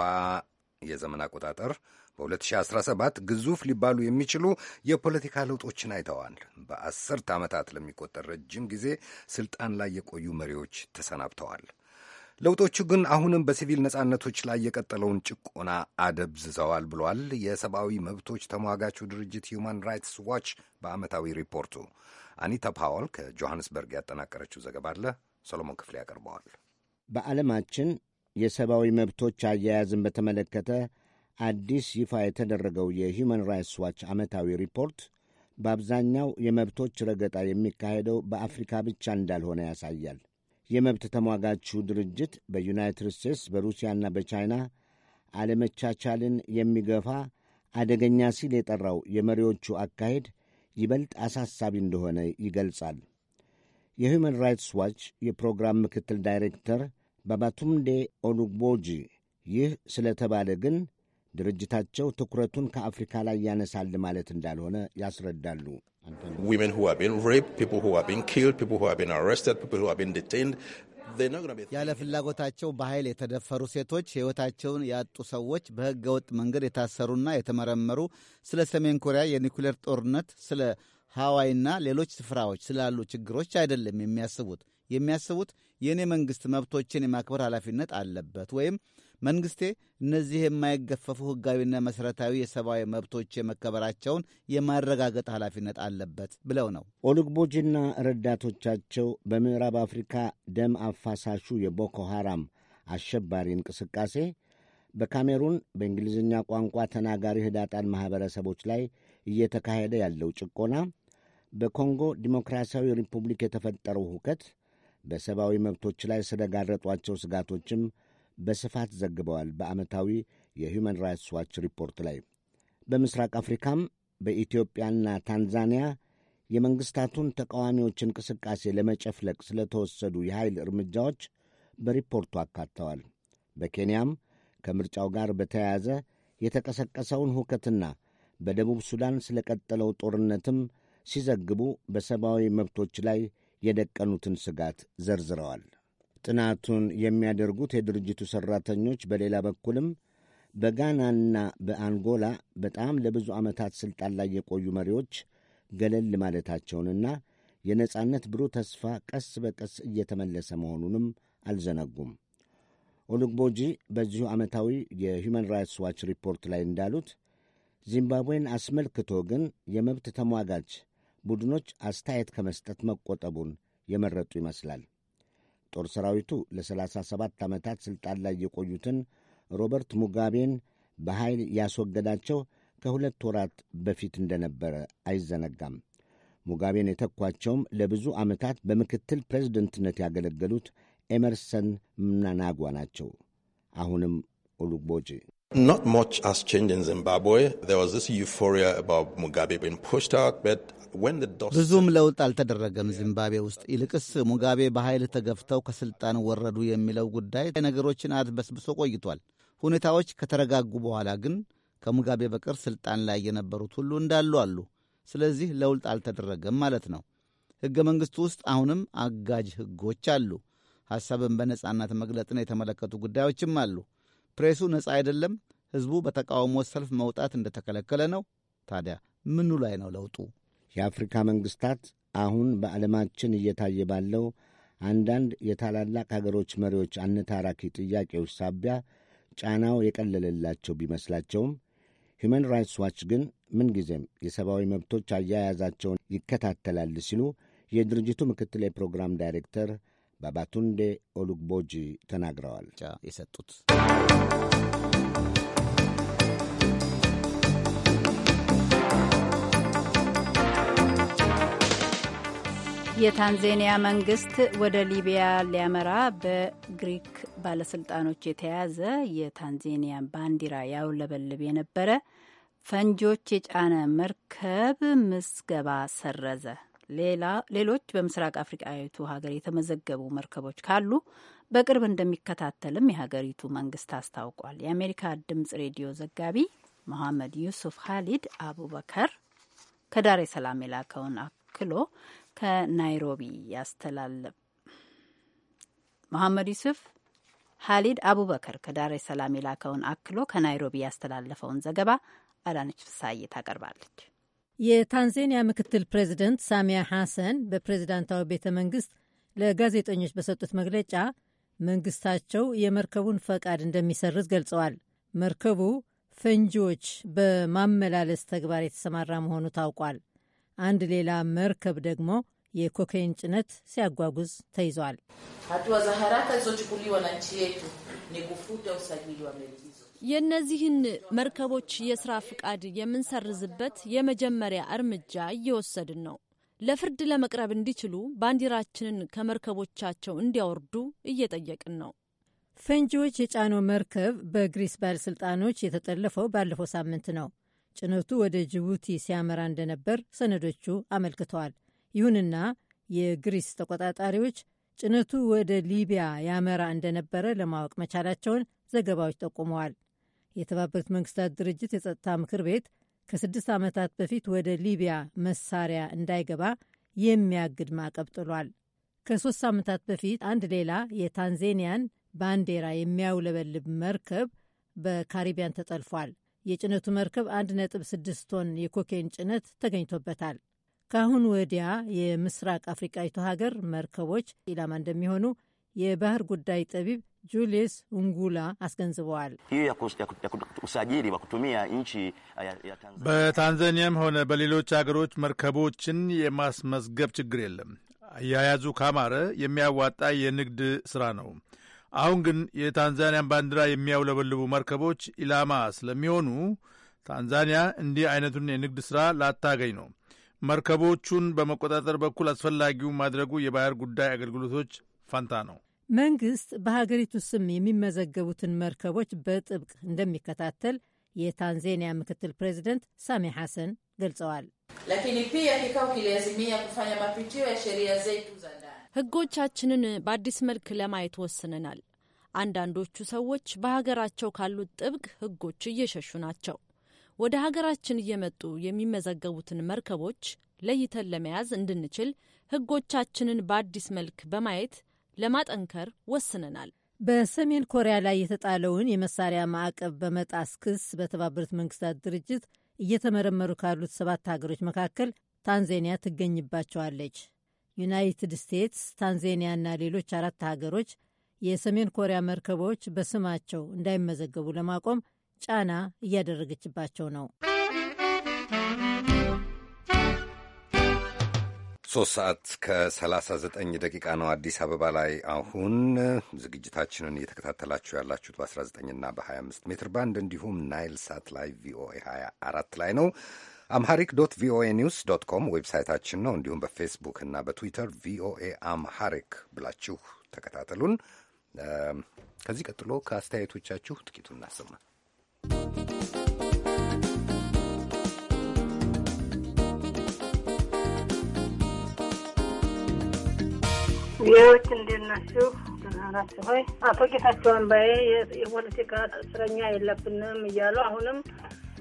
የዘመን አቆጣጠር በ2017 ግዙፍ ሊባሉ የሚችሉ የፖለቲካ ለውጦችን አይተዋል። በአስርት ዓመታት ለሚቆጠር ረጅም ጊዜ ስልጣን ላይ የቆዩ መሪዎች ተሰናብተዋል። ለውጦቹ ግን አሁንም በሲቪል ነጻነቶች ላይ የቀጠለውን ጭቆና አደብዝዘዋል ብሏል የሰብአዊ መብቶች ተሟጋቹ ድርጅት ሁማን ራይትስ ዋች በዓመታዊ ሪፖርቱ። አኒታ ፓወል ከጆሐንስበርግ ያጠናቀረችው ዘገባ አለ ሰሎሞን ክፍሌ ያቀርበዋል። በዓለማችን የሰብአዊ መብቶች አያያዝን በተመለከተ አዲስ ይፋ የተደረገው የሂውማን ራይትስ ዋች ዓመታዊ ሪፖርት በአብዛኛው የመብቶች ረገጣ የሚካሄደው በአፍሪካ ብቻ እንዳልሆነ ያሳያል። የመብት ተሟጋቹ ድርጅት በዩናይትድ ስቴትስ በሩሲያና በቻይና አለመቻቻልን የሚገፋ አደገኛ ሲል የጠራው የመሪዎቹ አካሄድ ይበልጥ አሳሳቢ እንደሆነ ይገልጻል። የሁማን ራይትስ ዋች የፕሮግራም ምክትል ዳይሬክተር ባባቱምዴ ኦሉግቦጂ ይህ ስለተባለ ግን ድርጅታቸው ትኩረቱን ከአፍሪካ ላይ ያነሳል ማለት እንዳልሆነ ያስረዳሉ። ያለ ፍላጎታቸው በኃይል የተደፈሩ ሴቶች፣ ሕይወታቸውን ያጡ ሰዎች፣ በሕገ ወጥ መንገድ የታሰሩና የተመረመሩ፣ ስለ ሰሜን ኮሪያ የኒኩሌር ጦርነት፣ ስለ ሐዋይና ሌሎች ስፍራዎች ስላሉ ችግሮች አይደለም የሚያስቡት። የሚያስቡት የእኔ መንግሥት መብቶችን የማክበር ኃላፊነት አለበት ወይም መንግስቴ እነዚህ የማይገፈፉ ህጋዊና መሠረታዊ የሰብአዊ መብቶች የመከበራቸውን የማረጋገጥ ኃላፊነት አለበት ብለው ነው። ኦሉግቦጅና ረዳቶቻቸው በምዕራብ አፍሪካ ደም አፋሳሹ የቦኮ ሐራም አሸባሪ እንቅስቃሴ በካሜሩን በእንግሊዝኛ ቋንቋ ተናጋሪ ህዳጣን ማኅበረሰቦች ላይ እየተካሄደ ያለው ጭቆና፣ በኮንጎ ዲሞክራሲያዊ ሪፑብሊክ የተፈጠረው ሁከት፣ በሰብአዊ መብቶች ላይ ስለጋረጧቸው ስጋቶችም በስፋት ዘግበዋል በዓመታዊ የሁማን ራይትስ ዋች ሪፖርት ላይ። በምስራቅ አፍሪካም በኢትዮጵያና ታንዛኒያ የመንግሥታቱን ተቃዋሚዎች እንቅስቃሴ ለመጨፍለቅ ስለተወሰዱ የኃይል እርምጃዎች በሪፖርቱ አካተዋል። በኬንያም ከምርጫው ጋር በተያያዘ የተቀሰቀሰውን ሁከትና በደቡብ ሱዳን ስለቀጠለው ጦርነትም ሲዘግቡ በሰብአዊ መብቶች ላይ የደቀኑትን ስጋት ዘርዝረዋል። ጥናቱን የሚያደርጉት የድርጅቱ ሠራተኞች በሌላ በኩልም በጋናና በአንጎላ በጣም ለብዙ ዓመታት ሥልጣን ላይ የቆዩ መሪዎች ገለል ማለታቸውንና የነጻነት ብሩህ ተስፋ ቀስ በቀስ እየተመለሰ መሆኑንም አልዘነጉም። ኦሉግቦጂ በዚሁ ዓመታዊ የሁማን ራይትስ ዋች ሪፖርት ላይ እንዳሉት ዚምባብዌን አስመልክቶ ግን የመብት ተሟጋች ቡድኖች አስተያየት ከመስጠት መቆጠቡን የመረጡ ይመስላል። ጦር ሰራዊቱ ለ37 ዓመታት ሥልጣን ላይ የቆዩትን ሮበርት ሙጋቤን በኃይል ያስወገዳቸው ከሁለት ወራት በፊት እንደነበረ አይዘነጋም። ሙጋቤን የተኳቸውም ለብዙ ዓመታት በምክትል ፕሬዝደንትነት ያገለገሉት ኤመርሰን ምናናጓ ናቸው። አሁንም ኦሉግቦጂ Not much has changed in Zimbabwe. There was this euphoria about Mugabe being pushed out, but ብዙም ለውጥ አልተደረገም ዚምባብዌ ውስጥ። ይልቅስ ሙጋቤ በኃይል ተገፍተው ከሥልጣን ወረዱ የሚለው ጉዳይ ነገሮችን አድበስብሶ ቆይቷል። ሁኔታዎች ከተረጋጉ በኋላ ግን ከሙጋቤ በቀር ሥልጣን ላይ የነበሩት ሁሉ እንዳሉ አሉ። ስለዚህ ለውጥ አልተደረገም ማለት ነው። ሕገ መንግሥቱ ውስጥ አሁንም አጋጅ ሕጎች አሉ። ሐሳብን በነጻነት መግለጥን የተመለከቱ ጉዳዮችም አሉ። ፕሬሱ ነጻ አይደለም፣ ህዝቡ በተቃውሞ ሰልፍ መውጣት እንደተከለከለ ነው። ታዲያ ምኑ ላይ ነው ለውጡ? የአፍሪካ መንግስታት አሁን በዓለማችን እየታየ ባለው አንዳንድ የታላላቅ ሀገሮች መሪዎች አነታራኪ ጥያቄዎች ሳቢያ ጫናው የቀለለላቸው ቢመስላቸውም ሁማን ራይትስ ዋች ግን ምንጊዜም የሰብአዊ መብቶች አያያዛቸውን ይከታተላል ሲሉ የድርጅቱ ምክትል የፕሮግራም ዳይሬክተር ባባቱንዴ ኦሉግቦጂ ተናግረዋል የሰጡት የታንዜኒያ መንግስት ወደ ሊቢያ ሊያመራ በግሪክ ባለስልጣኖች የተያዘ የታንዜኒያ ባንዲራ ያውለበልብ የነበረ ፈንጆች የጫነ መርከብ ምዝገባ ሰረዘ። ሌላ ሌሎች በምስራቅ አፍሪቃዊቱ ሀገር የተመዘገቡ መርከቦች ካሉ በቅርብ እንደሚከታተልም የሀገሪቱ መንግስት አስታውቋል። የአሜሪካ ድምጽ ሬዲዮ ዘጋቢ መሐመድ ዩሱፍ ሀሊድ አቡበከር ከዳሬ ሰላም የላከውን አክሎ ከናይሮቢ ያስተላለፍ መሐመድ ዩሱፍ ሀሊድ አቡበከር ከዳሬ ሰላም የላከውን አክሎ ከናይሮቢ ያስተላለፈውን ዘገባ አዳነች ፍሳዬ ታቀርባለች። የታንዛኒያ ምክትል ፕሬዚደንት ሳሚያ ሐሰን በፕሬዚዳንታዊ ቤተ መንግስት ለጋዜጠኞች በሰጡት መግለጫ መንግስታቸው የመርከቡን ፈቃድ እንደሚሰርዝ ገልጸዋል። መርከቡ ፈንጂዎች በማመላለስ ተግባር የተሰማራ መሆኑ ታውቋል። አንድ ሌላ መርከብ ደግሞ የኮካይን ጭነት ሲያጓጉዝ ተይዟል። የእነዚህን መርከቦች የስራ ፍቃድ የምንሰርዝበት የመጀመሪያ እርምጃ እየወሰድን ነው። ለፍርድ ለመቅረብ እንዲችሉ ባንዲራችንን ከመርከቦቻቸው እንዲያወርዱ እየጠየቅን ነው። ፈንጂዎች የጫነው መርከብ በግሪስ ባለሥልጣኖች የተጠለፈው ባለፈው ሳምንት ነው። ጭነቱ ወደ ጅቡቲ ሲያመራ እንደነበር ሰነዶቹ አመልክተዋል። ይሁንና የግሪስ ተቆጣጣሪዎች ጭነቱ ወደ ሊቢያ ያመራ እንደነበረ ለማወቅ መቻላቸውን ዘገባዎች ጠቁመዋል። የተባበሩት መንግስታት ድርጅት የጸጥታ ምክር ቤት ከስድስት ዓመታት በፊት ወደ ሊቢያ መሳሪያ እንዳይገባ የሚያግድ ማዕቀብ ጥሏል። ከሶስት ዓመታት በፊት አንድ ሌላ የታንዜኒያን ባንዲራ የሚያውለበልብ መርከብ በካሪቢያን ተጠልፏል። የጭነቱ መርከብ 1.6 ቶን የኮኬን ጭነት ተገኝቶበታል። ከአሁን ወዲያ የምስራቅ አፍሪቃዊቱ ሀገር መርከቦች ኢላማ እንደሚሆኑ የባህር ጉዳይ ጠቢብ ጁልየስ እንጉላ አስገንዝበዋል። በታንዛኒያም ሆነ በሌሎች አገሮች መርከቦችን የማስመዝገብ ችግር የለም። አያያዙ ካማረ የሚያዋጣ የንግድ ሥራ ነው። አሁን ግን የታንዛኒያን ባንዲራ የሚያውለበልቡ መርከቦች ኢላማ ስለሚሆኑ ታንዛኒያ እንዲህ አይነቱን የንግድ ሥራ ላታገኝ ነው። መርከቦቹን በመቆጣጠር በኩል አስፈላጊው ማድረጉ የባህር ጉዳይ አገልግሎቶች ፈንታ ነው። መንግስት በሀገሪቱ ስም የሚመዘገቡትን መርከቦች በጥብቅ እንደሚከታተል የታንዜኒያ ምክትል ፕሬዚደንት ሳሜ ሐሰን ገልጸዋል። ህጎቻችንን በአዲስ መልክ ለማየት ወስነናል። አንዳንዶቹ ሰዎች በሀገራቸው ካሉት ጥብቅ ህጎች እየሸሹ ናቸው። ወደ ሀገራችን እየመጡ የሚመዘገቡትን መርከቦች ለይተን ለመያዝ እንድንችል ህጎቻችንን በአዲስ መልክ በማየት ለማጠንከር ወስነናል። በሰሜን ኮሪያ ላይ የተጣለውን የመሳሪያ ማዕቀብ በመጣስ ክስ በተባበሩት መንግስታት ድርጅት እየተመረመሩ ካሉት ሰባት ሀገሮች መካከል ታንዛኒያ ትገኝባቸዋለች። ዩናይትድ ስቴትስ፣ ታንዛኒያና ሌሎች አራት ሀገሮች የሰሜን ኮሪያ መርከቦች በስማቸው እንዳይመዘገቡ ለማቆም ጫና እያደረገችባቸው ነው። ሶስት ሰዓት ከሰላሳ ዘጠኝ ደቂቃ ነው አዲስ አበባ ላይ። አሁን ዝግጅታችንን እየተከታተላችሁ ያላችሁት በ19 እና በ25 ሜትር ባንድ እንዲሁም ናይል ሳት ላይ ቪኦኤ 24 ላይ ነው። አምሃሪክ ዶት ቪኦኤ ኒውስ ዶት ኮም ዌብሳይታችን ነው። እንዲሁም በፌስቡክ እና በትዊተር ቪኦኤ አምሃሪክ ብላችሁ ተከታተሉን። ከዚህ ቀጥሎ ከአስተያየቶቻችሁ ጥቂቱ እናሰማ። ሌሎች እንደናችሁ ናቸው ሆይ አቶ ጌታቸው አምባዬ የፖለቲካ እስረኛ የለብንም እያሉ አሁንም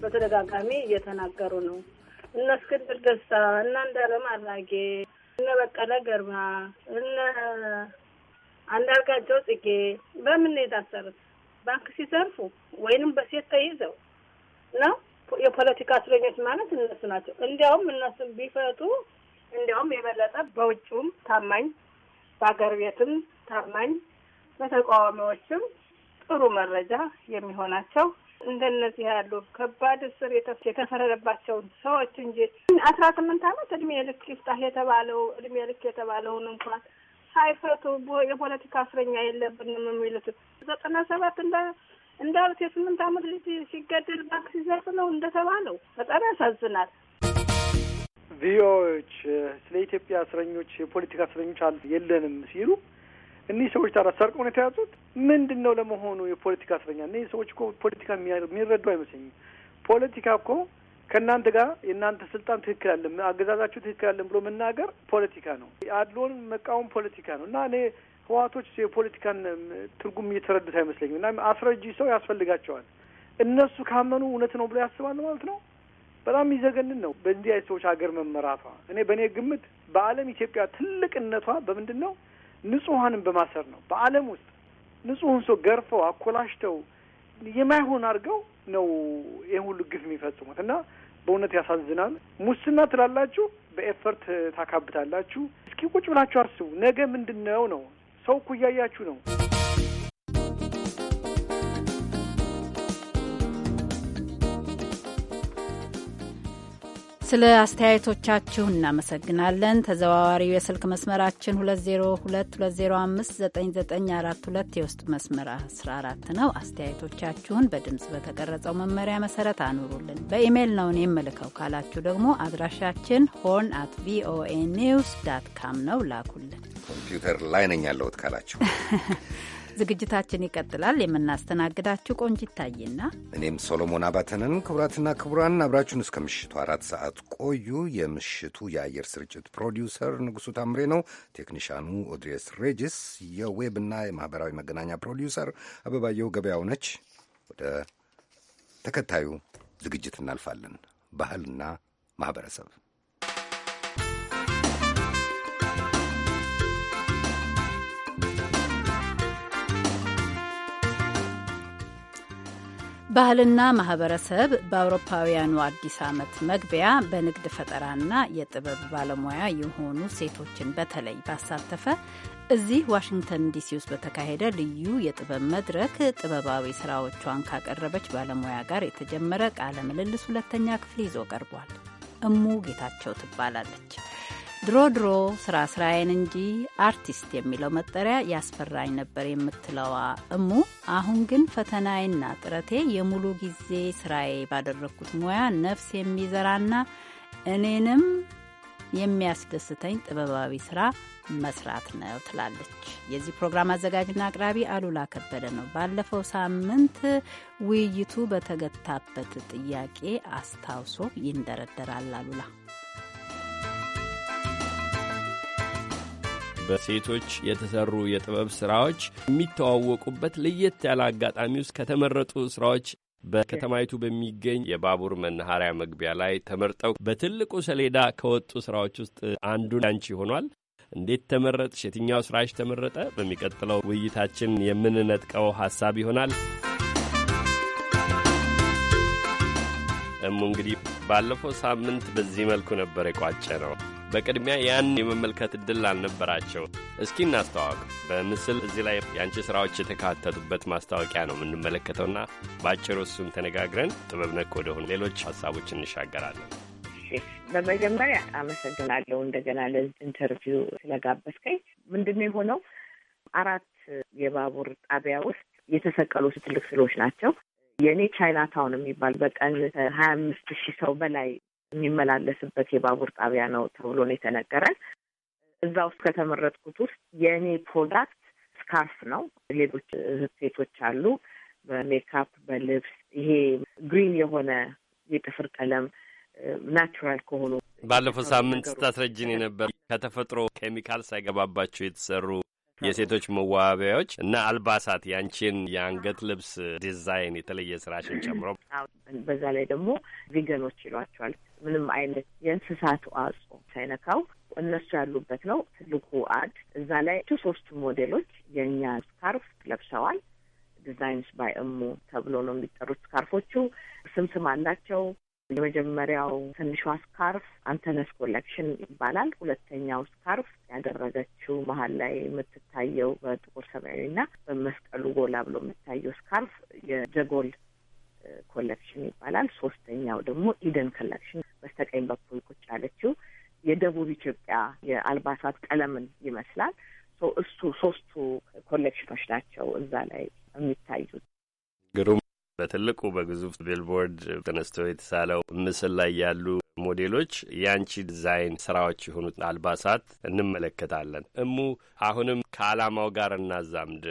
በተደጋጋሚ እየተናገሩ ነው። እነ እስክንድር ደስታ፣ እነ አንዱዓለም አራጌ፣ እነ በቀለ ገርባ፣ እነ አንዳርጋቸው ጽጌ በምን ነው የታሰሩት? ባንክ ሲዘርፉ ወይንም በሴት ተይዘው ነው። የፖለቲካ እስረኞች ማለት እነሱ ናቸው። እንዲያውም እነሱን ቢፈቱ እንዲያውም የበለጠ በውጭውም ታማኝ በአገር ቤትም ታማኝ፣ በተቃዋሚዎችም ጥሩ መረጃ የሚሆናቸው እንደነዚህ ያሉ ከባድ እስር የተፈረደባቸውን ሰዎች እንጂ አስራ ስምንት ዓመት እድሜ ልክ ይፍታህ የተባለው እድሜ ልክ የተባለውን እንኳን ሳይፈቱ የፖለቲካ እስረኛ የለብንም የሚሉት ዘጠና ሰባት እንደ እንዳሉት የስምንት ዓመት ልጅ ሲገደል ባንክ ሲዘርፍ ነው እንደተባለው በጣም ያሳዝናል። ቪኦኤዎች ስለ ኢትዮጵያ እስረኞች የፖለቲካ እስረኞች አሉ የለንም ሲሉ እኒህ ሰዎች ታዲያ ሰርቆ ነው የተያዙት። ምንድን ነው ለመሆኑ የፖለቲካ እስረኛ? እኒህ ሰዎች እኮ ፖለቲካ የሚረዱ አይመስለኝም። ፖለቲካ እኮ ከእናንተ ጋር የእናንተ ስልጣን ትክክል አለ፣ አገዛዛችሁ ትክክል አለን ብሎ መናገር ፖለቲካ ነው። አድሎን መቃወም ፖለቲካ ነው እና እኔ ህወሓቶች የፖለቲካን ትርጉም እየተረዱት አይመስለኝም እና አስረጂ ሰው ያስፈልጋቸዋል። እነሱ ካመኑ እውነት ነው ብሎ ያስባሉ ማለት ነው። በጣም የሚዘገንን ነው በእንዲህ አይነት ሰዎች ሀገር መመራቷ። እኔ በእኔ ግምት በዓለም ኢትዮጵያ ትልቅነቷ በምንድን ነው? ንጹሀንን በማሰር ነው። በዓለም ውስጥ ንጹህን ሰው ገርፈው አኮላሽተው የማይሆን አድርገው ነው ይህ ሁሉ ግፍ የሚፈጽሙት እና በእውነት ያሳዝናል። ሙስና ትላላችሁ፣ በኤፈርት ታካብታላችሁ። እስኪ ቁጭ ብላችሁ አስቡ። ነገ ምንድን ነው ነው ሰው እኮ እያያችሁ ነው። ስለ አስተያየቶቻችሁ እናመሰግናለን። ተዘዋዋሪው የስልክ መስመራችን 2022059942 የውስጥ መስመር 14 ነው። አስተያየቶቻችሁን በድምፅ በተቀረጸው መመሪያ መሰረት አኑሩልን። በኢሜይል ነው እኔ የምልከው ካላችሁ ደግሞ አድራሻችን ሆን አት ቪኦኤ ኒውስ ዳት ካም ነው። ላኩልን። ኮምፒውተር ላይ ነኝ ያለሁት ካላችሁ ዝግጅታችን ይቀጥላል። የምናስተናግዳችሁ ቆንጅ ይታይና እኔም ሶሎሞን አባተንን። ክቡራትና ክቡራን አብራችሁን እስከ ምሽቱ አራት ሰዓት ቆዩ። የምሽቱ የአየር ስርጭት ፕሮዲውሰር ንጉሱ ታምሬ ነው። ቴክኒሻኑ ኦድሬስ ሬጅስ፣ የዌብና የማህበራዊ መገናኛ ፕሮዲውሰር አበባየው ገበያው ነች። ወደ ተከታዩ ዝግጅት እናልፋለን። ባህልና ማህበረሰብ ባህልና ማህበረሰብ በአውሮፓውያኑ አዲስ ዓመት መግቢያ በንግድ ፈጠራና የጥበብ ባለሙያ የሆኑ ሴቶችን በተለይ ባሳተፈ እዚህ ዋሽንግተን ዲሲ ውስጥ በተካሄደ ልዩ የጥበብ መድረክ ጥበባዊ ስራዎቿን ካቀረበች ባለሙያ ጋር የተጀመረ ቃለ ምልልስ ሁለተኛ ክፍል ይዞ ቀርቧል። እሙ ጌታቸው ትባላለች። ድሮ ድሮ ስራ ስራዬን እንጂ አርቲስት የሚለው መጠሪያ ያስፈራኝ ነበር የምትለዋ እሙ፣ አሁን ግን ፈተናዬና ጥረቴ የሙሉ ጊዜ ስራዬ ባደረግኩት ሙያ ነፍስ የሚዘራና እኔንም የሚያስደስተኝ ጥበባዊ ስራ መስራት ነው ትላለች። የዚህ ፕሮግራም አዘጋጅና አቅራቢ አሉላ ከበደ ነው። ባለፈው ሳምንት ውይይቱ በተገታበት ጥያቄ አስታውሶ ይንደረደራል አሉላ በሴቶች የተሰሩ የጥበብ ስራዎች የሚተዋወቁበት ለየት ያለ አጋጣሚ ውስጥ ከተመረጡ ስራዎች በከተማይቱ በሚገኝ የባቡር መናኸሪያ መግቢያ ላይ ተመርጠው በትልቁ ሰሌዳ ከወጡ ስራዎች ውስጥ አንዱ ያንቺ ሆኗል። እንዴት ተመረጥሽ? የትኛው ስራሽ ተመረጠ? በሚቀጥለው ውይይታችን የምንነጥቀው ሀሳብ ይሆናል። እሙ እንግዲህ ባለፈው ሳምንት በዚህ መልኩ ነበር የቋጨ ነው። በቅድሚያ ያን የመመልከት እድል አልነበራቸው። እስኪ እናስተዋወቅ። በምስል እዚህ ላይ የአንቺ ስራዎች የተካተቱበት ማስታወቂያ ነው የምንመለከተውና በአጭሩ እሱን ተነጋግረን ጥበብ ነክ ወደሆኑ ሌሎች ሀሳቦች እንሻገራለን። በመጀመሪያ አመሰግናለሁ እንደገና ለዚህ ኢንተርቪው ስለጋበዝከኝ። ምንድን የሆነው አራት የባቡር ጣቢያ ውስጥ የተሰቀሉ ትልቅ ስሎች ናቸው። የእኔ ቻይና ታውን የሚባል በቀን ከሀያ አምስት ሺህ ሰው በላይ የሚመላለስበት የባቡር ጣቢያ ነው ተብሎ ነው የተነገረን። እዛ ውስጥ ከተመረጥኩት ውስጥ የእኔ ፕሮዳክት ስካርፍ ነው። ሌሎች ሴቶች አሉ በሜካፕ በልብስ ይሄ ግሪን የሆነ የጥፍር ቀለም ናቹራል ከሆኑ ባለፈው ሳምንት ስታስረጅን የነበር ከተፈጥሮ ኬሚካል ሳይገባባቸው የተሰሩ የሴቶች መዋቢያዎች እና አልባሳት ያንቺን የአንገት ልብስ ዲዛይን የተለየ ስራሽን ጨምሮ በዛ ላይ ደግሞ ቪገኖች ይሏቸዋል። ምንም አይነት የእንስሳት ተዋጽኦ ሳይነካው እነሱ ያሉበት ነው ትልቁ አድ። እዛ ላይ ሶስቱ ሞዴሎች የእኛ ስካርፍ ለብሰዋል። ዲዛይንስ ባይ እሙ ተብሎ ነው የሚጠሩት ስካርፎቹ። ስም ስም አላቸው። የመጀመሪያው ትንሿ ስካርፍ አንተነስ ኮሌክሽን ይባላል። ሁለተኛው ስካርፍ ያደረገችው መሀል ላይ የምትታየው በጥቁር ሰማያዊና በመስቀሉ ጎላ ብሎ የምታየው ስካርፍ የጀጎል ኮሌክሽን ይባላል። ሶስተኛው ደግሞ ኢደን ኮሌክሽን በስተቀኝ በኩል ቁጭ ያለችው የደቡብ ኢትዮጵያ የአልባሳት ቀለምን ይመስላል። እሱ ሶስቱ ኮሌክሽኖች ናቸው እዛ ላይ የሚታዩት። ግሩም በትልቁ በግዙፍ ቢልቦርድ ተነስቶ የተሳለው ምስል ላይ ያሉ ሞዴሎች የአንቺ ዲዛይን ስራዎች የሆኑት አልባሳት እንመለከታለን። እሙ አሁንም ከዓላማው ጋር እናዛምድ።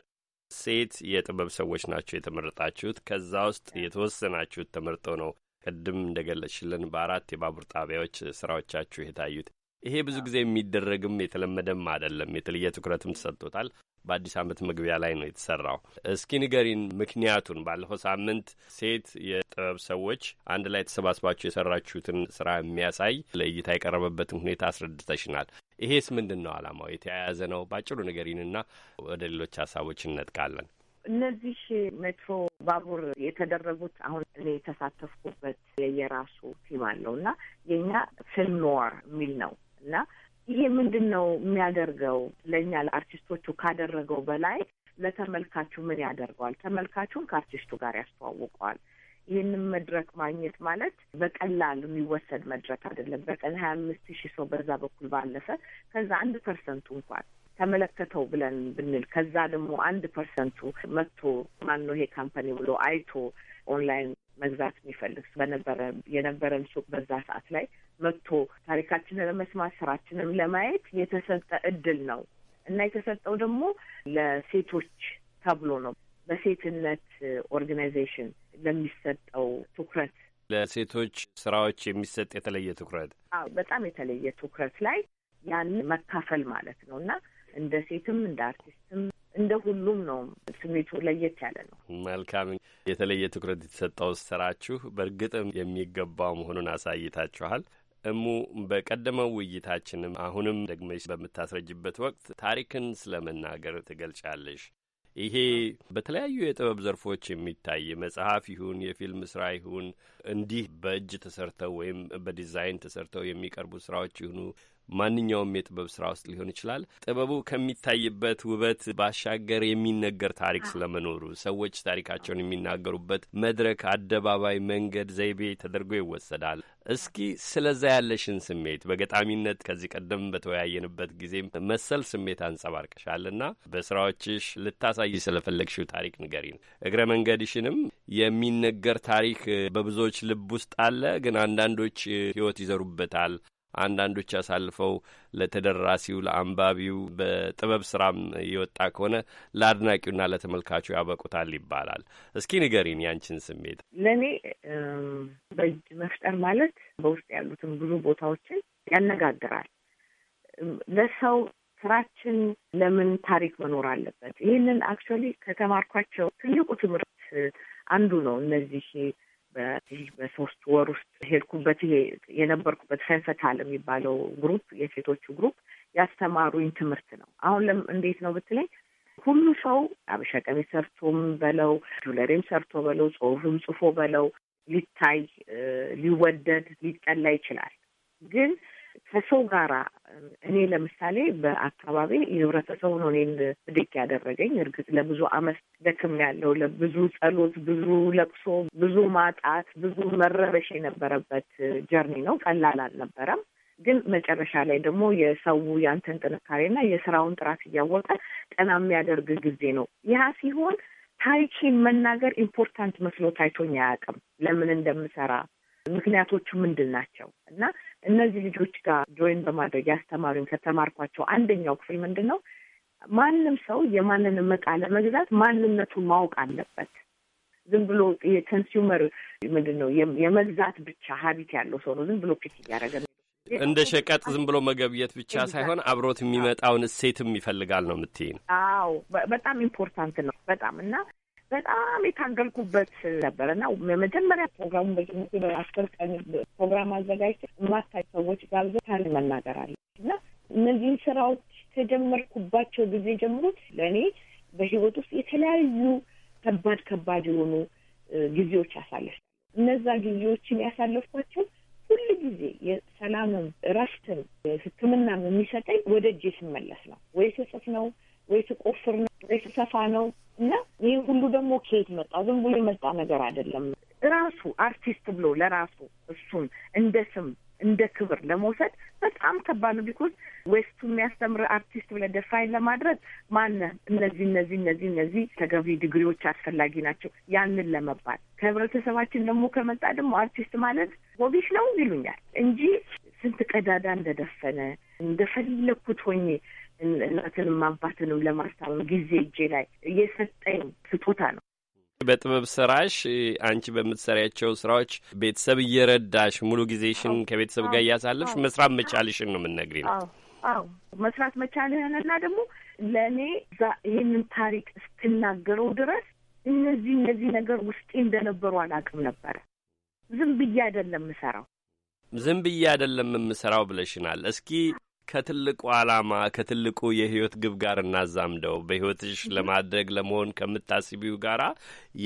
ሴት የጥበብ ሰዎች ናቸው የተመረጣችሁት። ከዛ ውስጥ የተወሰናችሁት ተመርጠው ነው ቅድም እንደገለጽሽልን በአራት የባቡር ጣቢያዎች ስራዎቻችሁ የታዩት። ይሄ ብዙ ጊዜ የሚደረግም የተለመደም አይደለም። የተለየ ትኩረትም ተሰጥቶታል። በአዲስ ዓመት መግቢያ ላይ ነው የተሰራው። እስኪ ንገሪን ምክንያቱን። ባለፈው ሳምንት ሴት የጥበብ ሰዎች አንድ ላይ ተሰባስባችሁ የሰራችሁትን ስራ የሚያሳይ ለእይታ የቀረበበትን ሁኔታ አስረድተሽናል። ይሄስ ምንድን ነው አላማው? የተያያዘ ነው? ባጭሩ ንገሪንና ወደ ሌሎች ሀሳቦች እነጥቃለን። እነዚህ ሜትሮ ባቡር የተደረጉት አሁን እኔ የተሳተፍኩበት የየራሱ ቲም አለው እና የእኛ ፊልም ኖር የሚል ነው እና ይሄ ምንድን ነው የሚያደርገው ለእኛ ለአርቲስቶቹ ካደረገው በላይ ለተመልካቹ ምን ያደርገዋል? ተመልካቹን ከአርቲስቱ ጋር ያስተዋውቀዋል። ይህንን መድረክ ማግኘት ማለት በቀላል የሚወሰድ መድረክ አይደለም። በቀን ሀያ አምስት ሺህ ሰው በዛ በኩል ባለፈ ከዛ አንድ ፐርሰንቱ እንኳን ተመለከተው ብለን ብንል ከዛ ደግሞ አንድ ፐርሰንቱ መጥቶ ማን ነው ይሄ ካምፓኒ ብሎ አይቶ ኦንላይን መግዛት የሚፈልግ በነበረ የነበረን ሱቅ በዛ ሰዓት ላይ መጥቶ ታሪካችንን ለመስማት ስራችንም ለማየት የተሰጠ እድል ነው እና የተሰጠው ደግሞ ለሴቶች ተብሎ ነው። በሴትነት ኦርጋናይዜሽን ለሚሰጠው ትኩረት ለሴቶች ስራዎች የሚሰጥ የተለየ ትኩረት፣ አዎ በጣም የተለየ ትኩረት ላይ ያን መካፈል ማለት ነው እና እንደ ሴትም እንደ አርቲስትም እንደ ሁሉም ነው ስሜቱ ለየት ያለ ነው። መልካም የተለየ ትኩረት የተሰጠው ስራችሁ በእርግጥም የሚገባው መሆኑን አሳይታችኋል። እሙ በቀደመው ውይይታችንም አሁንም ደግመሽ በምታስረጅበት ወቅት ታሪክን ስለመናገር ትገልጫለሽ። ይሄ በተለያዩ የጥበብ ዘርፎች የሚታይ መጽሐፍ ይሁን የፊልም ስራ ይሁን እንዲህ በእጅ ተሰርተው ወይም በዲዛይን ተሰርተው የሚቀርቡ ስራዎች ይሁኑ ማንኛውም የጥበብ ስራ ውስጥ ሊሆን ይችላል። ጥበቡ ከሚታይበት ውበት ባሻገር የሚነገር ታሪክ ስለመኖሩ ሰዎች ታሪካቸውን የሚናገሩበት መድረክ፣ አደባባይ፣ መንገድ፣ ዘይቤ ተደርጎ ይወሰዳል። እስኪ ስለዛ ያለሽን ስሜት በገጣሚነት ከዚህ ቀደም በተወያየንበት ጊዜ መሰል ስሜት አንጸባርቅሻልና በስራዎችሽ ልታሳይ ስለፈለግሽው ታሪክ ንገሪን። እግረ መንገድሽንም የሚነገር ታሪክ በብዙዎች ልብ ውስጥ አለ፣ ግን አንዳንዶች ህይወት ይዘሩበታል፣ አንዳንዶች አሳልፈው ለተደራሲው ለአንባቢው በጥበብ ስራም የወጣ ከሆነ ለአድናቂውና ለተመልካቹ ያበቁታል ይባላል። እስኪ ንገሪን ያንችን ስሜት። ለእኔ በእጅ መፍጠር ማለት በውስጥ ያሉትን ብዙ ቦታዎችን ያነጋግራል። ለሰው ስራችን ለምን ታሪክ መኖር አለበት? ይህንን አክቹዋሊ ከተማርኳቸው ትልቁ ትምህርት አንዱ ነው። እነዚህ በዚህ በሶስት ወር ውስጥ ሄድኩበት። ይሄ የነበርኩበት ፈንፈታል የሚባለው ግሩፕ የሴቶቹ ግሩፕ ያስተማሩኝ ትምህርት ነው። አሁን ለም እንዴት ነው ብትለኝ ሁሉ ሰው አበሻ ቀሚስ ሰርቶም በለው ጁለሬም ሰርቶ በለው ጽሁፍም ጽፎ በለው ሊታይ ሊወደድ ሊጠላ ይችላል። ግን ከሰው ጋራ እኔ ለምሳሌ በአካባቢ የህብረተሰቡ ነው እኔን ብድግ ያደረገኝ። እርግጥ ለብዙ አመት ደክም ያለው ለብዙ ጸሎት፣ ብዙ ለቅሶ፣ ብዙ ማጣት፣ ብዙ መረበሽ የነበረበት ጀርኒ ነው። ቀላል አልነበረም። ግን መጨረሻ ላይ ደግሞ የሰው ያንተን ጥንካሬና የስራውን ጥራት እያወቀ ቀና የሚያደርግ ጊዜ ነው። ያ ሲሆን ታሪኬን መናገር ኢምፖርታንት መስሎ ታይቶኝ አያውቅም። ለምን እንደምሰራ ምክንያቶቹ ምንድን ናቸው እና እነዚህ ልጆች ጋር ጆይን በማድረግ ያስተማሩኝ ከተማርኳቸው አንደኛው ክፍል ምንድን ነው፣ ማንም ሰው የማንንም ዕቃ ለመግዛት ማንነቱን ማወቅ አለበት። ዝም ብሎ የኮንሱመር ምንድን ነው የመግዛት ብቻ ሀቢት ያለው ሰው ነው ዝም ብሎ ፊት እያደረገ እንደ ሸቀጥ ዝም ብሎ መገብየት ብቻ ሳይሆን አብሮት የሚመጣውን እሴትም ይፈልጋል ነው የምትይኝ? አዎ፣ በጣም ኢምፖርታንት ነው በጣም እና በጣም የታገልኩበት ነበር እና የመጀመሪያ ፕሮግራሙ በጅምቱ ፕሮግራም አዘጋጅተን የማታይ ሰዎች ጋብዘን ታሪክ መናገር አለ እና እነዚህን ስራዎች ከጀመርኩባቸው ጊዜ ጀምሮ ለእኔ በህይወት ውስጥ የተለያዩ ከባድ ከባድ የሆኑ ጊዜዎች ያሳለፍ እነዛ ጊዜዎችን ያሳለፍኳቸው ሁል ጊዜ የሰላምም እረፍትም ሕክምናም የሚሰጠኝ ወደ እጄ ስመለስ ነው። ወይ ስጽፍ ነው ወይ ስቆፍር ነው ወይ ስሰፋ ነው እና ይህ ሁሉ ደግሞ ከየት መጣ? ዝም ብሎ የመጣ ነገር አይደለም። ራሱ አርቲስት ብሎ ለራሱ እሱን እንደ ስም እንደ ክብር ለመውሰድ በጣም ከባድ ነው። ቢኮዝ ዌስቱ የሚያስተምር አርቲስት ብለህ ደፋይን ለማድረግ ማነ እነዚህ እነዚህ እነዚህ እነዚህ ተገቢ ዲግሪዎች አስፈላጊ ናቸው ያንን ለመባል ከህብረተሰባችን ደግሞ ከመጣ ደግሞ አርቲስት ማለት ሆቢሽ ነው ይሉኛል እንጂ ስንት ቀዳዳ እንደደፈነ እንደፈለግኩት ሆኜ እናትንም አባትንም ለማስታወም ጊዜ እጄ ላይ እየሰጠኝ ስጦታ ነው። በጥበብ ስራሽ አንቺ በምትሰሪያቸው ስራዎች ቤተሰብ እየረዳሽ ሙሉ ጊዜሽን ከቤተሰብ ጋር እያሳለፍሽ መስራት መቻልሽን ነው የምንነግሪ ነው። አዎ መስራት መቻልህንና ደግሞ ለእኔ እዛ ይህንን ታሪክ እስክናገረው ድረስ እነዚህ እነዚህ ነገር ውስጤ እንደነበሩ አላውቅም ነበረ። ዝም ብዬ አይደለም የምሰራው ዝም ብዬ አይደለም የምሰራው ብለሽናል። እስኪ ከትልቁ ዓላማ ከትልቁ የህይወት ግብ ጋር እናዛምደው። በህይወትሽ ለማድረግ ለመሆን ከምታስቢው ጋራ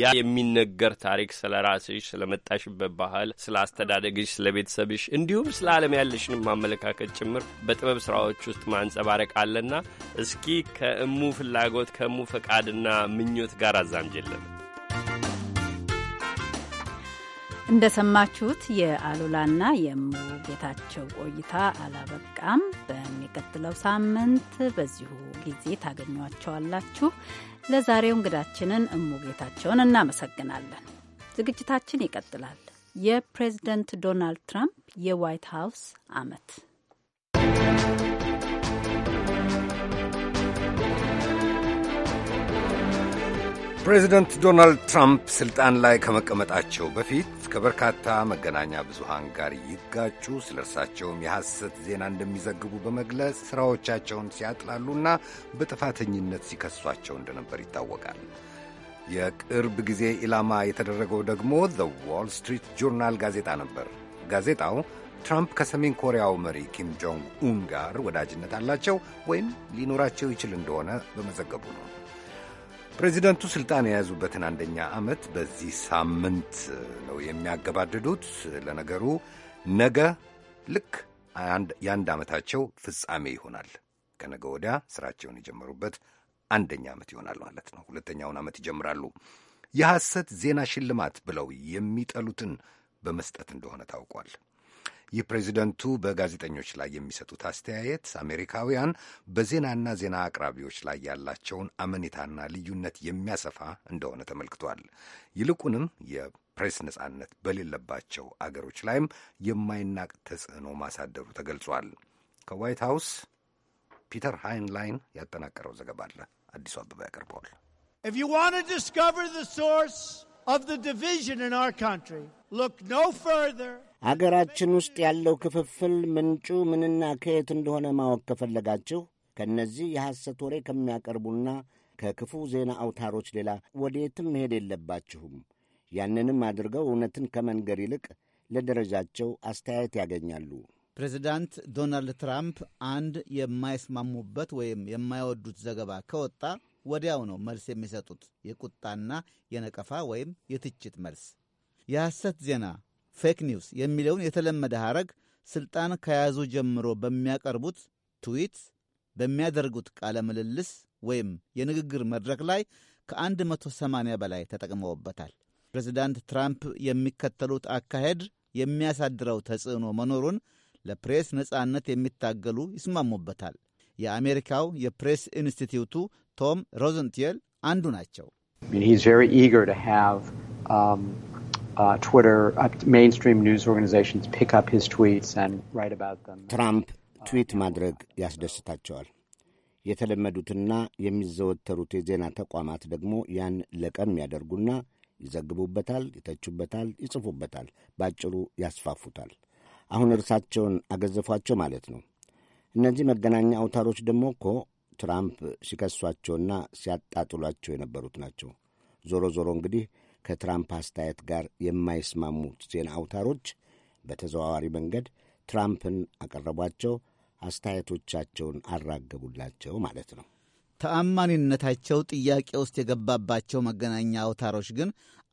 ያ የሚነገር ታሪክ ስለ ራስሽ፣ ስለ መጣሽበት ባህል፣ ስለ አስተዳደግሽ፣ ስለ ቤተሰብሽ እንዲሁም ስለ ዓለም ያለሽንም ማመለካከት ጭምር በጥበብ ስራዎች ውስጥ ማንጸባረቅ አለና እስኪ ከእሙ ፍላጎት ከእሙ ፈቃድና ምኞት ጋር አዛምጅልን። እንደሰማችሁት የአሉላና የሙሉጌታቸው ቆይታ አላበቃም። በሚቀጥለው ሳምንት በዚሁ ጊዜ ታገኟቸዋላችሁ። ለዛሬው እንግዳችንን ጌታቸውን እናመሰግናለን። ዝግጅታችን ይቀጥላል። የፕሬዝደንት ዶናልድ ትራምፕ የዋይት ሀውስ አመት ፕሬዚደንት ዶናልድ ትራምፕ ስልጣን ላይ ከመቀመጣቸው በፊት ከበርካታ መገናኛ ብዙሃን ጋር ይጋጩ፣ ስለ እርሳቸውም የሐሰት ዜና እንደሚዘግቡ በመግለጽ ሥራዎቻቸውን ሲያጥላሉና በጥፋተኝነት ሲከሷቸው እንደነበር ይታወቃል። የቅርብ ጊዜ ኢላማ የተደረገው ደግሞ ዘ ዋል ስትሪት ጆርናል ጋዜጣ ነበር። ጋዜጣው ትራምፕ ከሰሜን ኮሪያው መሪ ኪም ጆንግ ኡን ጋር ወዳጅነት አላቸው ወይም ሊኖራቸው ይችል እንደሆነ በመዘገቡ ነው። ፕሬዚደንቱ ስልጣን የያዙበትን አንደኛ ዓመት በዚህ ሳምንት ነው የሚያገባድዱት። ለነገሩ ነገ ልክ የአንድ ዓመታቸው ፍጻሜ ይሆናል። ከነገ ወዲያ ስራቸውን የጀመሩበት አንደኛ ዓመት ይሆናል ማለት ነው። ሁለተኛውን ዓመት ይጀምራሉ። የሐሰት ዜና ሽልማት ብለው የሚጠሉትን በመስጠት እንደሆነ ታውቋል። የፕሬዚደንቱ በጋዜጠኞች ላይ የሚሰጡት አስተያየት አሜሪካውያን በዜናና ዜና አቅራቢዎች ላይ ያላቸውን አመኔታና ልዩነት የሚያሰፋ እንደሆነ ተመልክቷል። ይልቁንም የፕሬስ ነጻነት በሌለባቸው አገሮች ላይም የማይናቅ ተጽዕኖ ማሳደሩ ተገልጿል። ከዋይት ሃውስ ፒተር ሃይንላይን ያጠናቀረው ዘገባ አለ። አዲሱ አበባ ያቀርበዋል። If አገራችን ውስጥ ያለው ክፍፍል ምንጩ ምንና ከየት እንደሆነ ማወቅ ከፈለጋችሁ ከእነዚህ የሐሰት ወሬ ከሚያቀርቡና ከክፉ ዜና አውታሮች ሌላ ወዴትም መሄድ የለባችሁም። ያንንም አድርገው እውነትን ከመንገር ይልቅ ለደረጃቸው አስተያየት ያገኛሉ። ፕሬዚዳንት ዶናልድ ትራምፕ አንድ የማይስማሙበት ወይም የማይወዱት ዘገባ ከወጣ ወዲያው ነው መልስ የሚሰጡት፣ የቁጣና የነቀፋ ወይም የትችት መልስ። የሐሰት ዜና ፌክ ኒውስ የሚለውን የተለመደ ሐረግ ስልጣን ከያዙ ጀምሮ በሚያቀርቡት ትዊት፣ በሚያደርጉት ቃለ ምልልስ ወይም የንግግር መድረክ ላይ ከ180 በላይ ተጠቅመውበታል። ፕሬዚዳንት ትራምፕ የሚከተሉት አካሄድ የሚያሳድረው ተጽዕኖ መኖሩን ለፕሬስ ነጻነት የሚታገሉ ይስማሙበታል። የአሜሪካው የፕሬስ ኢንስቲትዩቱ ቶም ሮዘንቲየል አንዱ ናቸው። Uh, Twitter, uh, mainstream news organizations pick up his tweets and write about them. Trump ትዊት ማድረግ ያስደስታቸዋል። የተለመዱትና የሚዘወተሩት የዜና ተቋማት ደግሞ ያን ለቀም ያደርጉና ይዘግቡበታል፣ ይተቹበታል፣ ይጽፉበታል፣ ባጭሩ ያስፋፉታል። አሁን እርሳቸውን አገዘፏቸው ማለት ነው። እነዚህ መገናኛ አውታሮች ደግሞ እኮ ትራምፕ ሲከሷቸውና ሲያጣጥሏቸው የነበሩት ናቸው። ዞሮ ዞሮ እንግዲህ ከትራምፕ አስተያየት ጋር የማይስማሙት ዜና አውታሮች በተዘዋዋሪ መንገድ ትራምፕን አቀረቧቸው፣ አስተያየቶቻቸውን አራገቡላቸው ማለት ነው። ተአማኒነታቸው ጥያቄ ውስጥ የገባባቸው መገናኛ አውታሮች ግን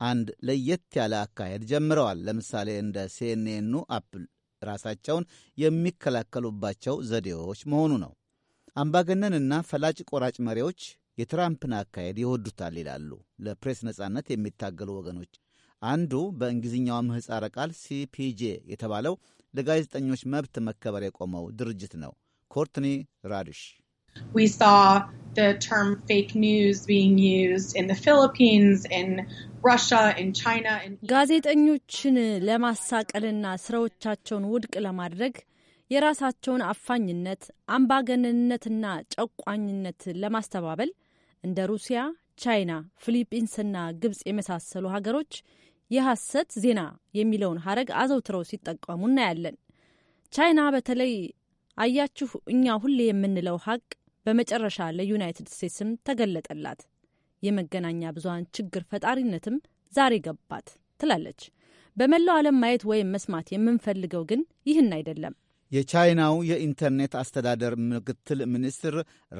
አንድ ለየት ያለ አካሄድ ጀምረዋል። ለምሳሌ እንደ ሲኤንኤኑ አፕል ራሳቸውን የሚከላከሉባቸው ዘዴዎች መሆኑ ነው። አምባገነንና ፈላጭ ቆራጭ መሪዎች የትራምፕን አካሄድ ይወዱታል ይላሉ ለፕሬስ ነጻነት የሚታገሉ ወገኖች። አንዱ በእንግሊዝኛው ምህፃረ ቃል ሲፒጄ የተባለው ለጋዜጠኞች መብት መከበር የቆመው ድርጅት ነው። ኮርትኒ ራድሽ ጋዜጠኞችን ለማሳቀልና ስራዎቻቸውን ውድቅ ለማድረግ የራሳቸውን አፋኝነት፣ አምባገነንነትና ጨቋኝነት ለማስተባበል እንደ ሩሲያ፣ ቻይና፣ ፊሊፒንስና ግብጽ የመሳሰሉ ሀገሮች የሐሰት ዜና የሚለውን ሀረግ አዘውትረው ሲጠቀሙ እናያለን። ቻይና በተለይ አያችሁ፣ እኛ ሁሌ የምንለው ሀቅ በመጨረሻ ለዩናይትድ ስቴትስም ተገለጠላት፣ የመገናኛ ብዙሀን ችግር ፈጣሪነትም ዛሬ ገባት ትላለች። በመላው ዓለም ማየት ወይም መስማት የምንፈልገው ግን ይህን አይደለም። የቻይናው የኢንተርኔት አስተዳደር ምክትል ሚኒስትር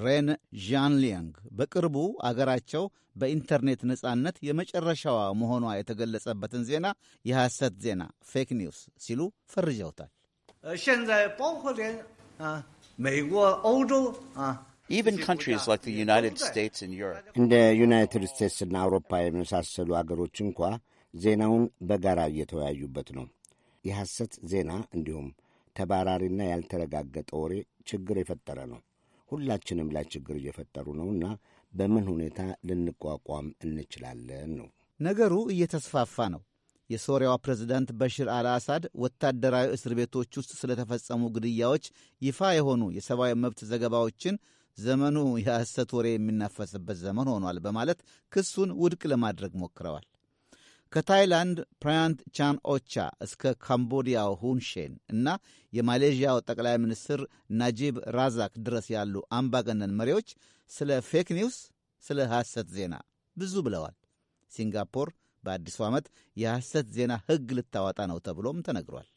ሬን ዣንሊያንግ በቅርቡ አገራቸው በኢንተርኔት ነጻነት የመጨረሻዋ መሆኗ የተገለጸበትን ዜና የሐሰት ዜና ፌክ ኒውስ ሲሉ ፈርጀውታል። እንደ ዩናይትድ ስቴትስና አውሮፓ የመሳሰሉ አገሮች እንኳ ዜናውን በጋራ እየተወያዩበት ነው። የሐሰት ዜና እንዲሁም ተባራሪና ያልተረጋገጠ ወሬ ችግር የፈጠረ ነው። ሁላችንም ላይ ችግር እየፈጠሩ ነውና በምን ሁኔታ ልንቋቋም እንችላለን ነው ነገሩ። እየተስፋፋ ነው። የሶሪያዋ ፕሬዝዳንት በሽር አልአሳድ ወታደራዊ እስር ቤቶች ውስጥ ስለተፈጸሙ ግድያዎች ይፋ የሆኑ የሰብአዊ መብት ዘገባዎችን ዘመኑ የሐሰት ወሬ የሚናፈስበት ዘመን ሆኗል በማለት ክሱን ውድቅ ለማድረግ ሞክረዋል። ከታይላንድ ፕራያንት ቻን ኦቻ እስከ ካምቦዲያው ሁንሼን እና የማሌዥያው ጠቅላይ ሚኒስትር ናጂብ ራዛክ ድረስ ያሉ አምባገነን መሪዎች ስለ ፌክ ኒውስ፣ ስለ ሐሰት ዜና ብዙ ብለዋል። ሲንጋፖር በአዲሱ ዓመት የሐሰት ዜና ሕግ ልታወጣ ነው ተብሎም ተነግሯል።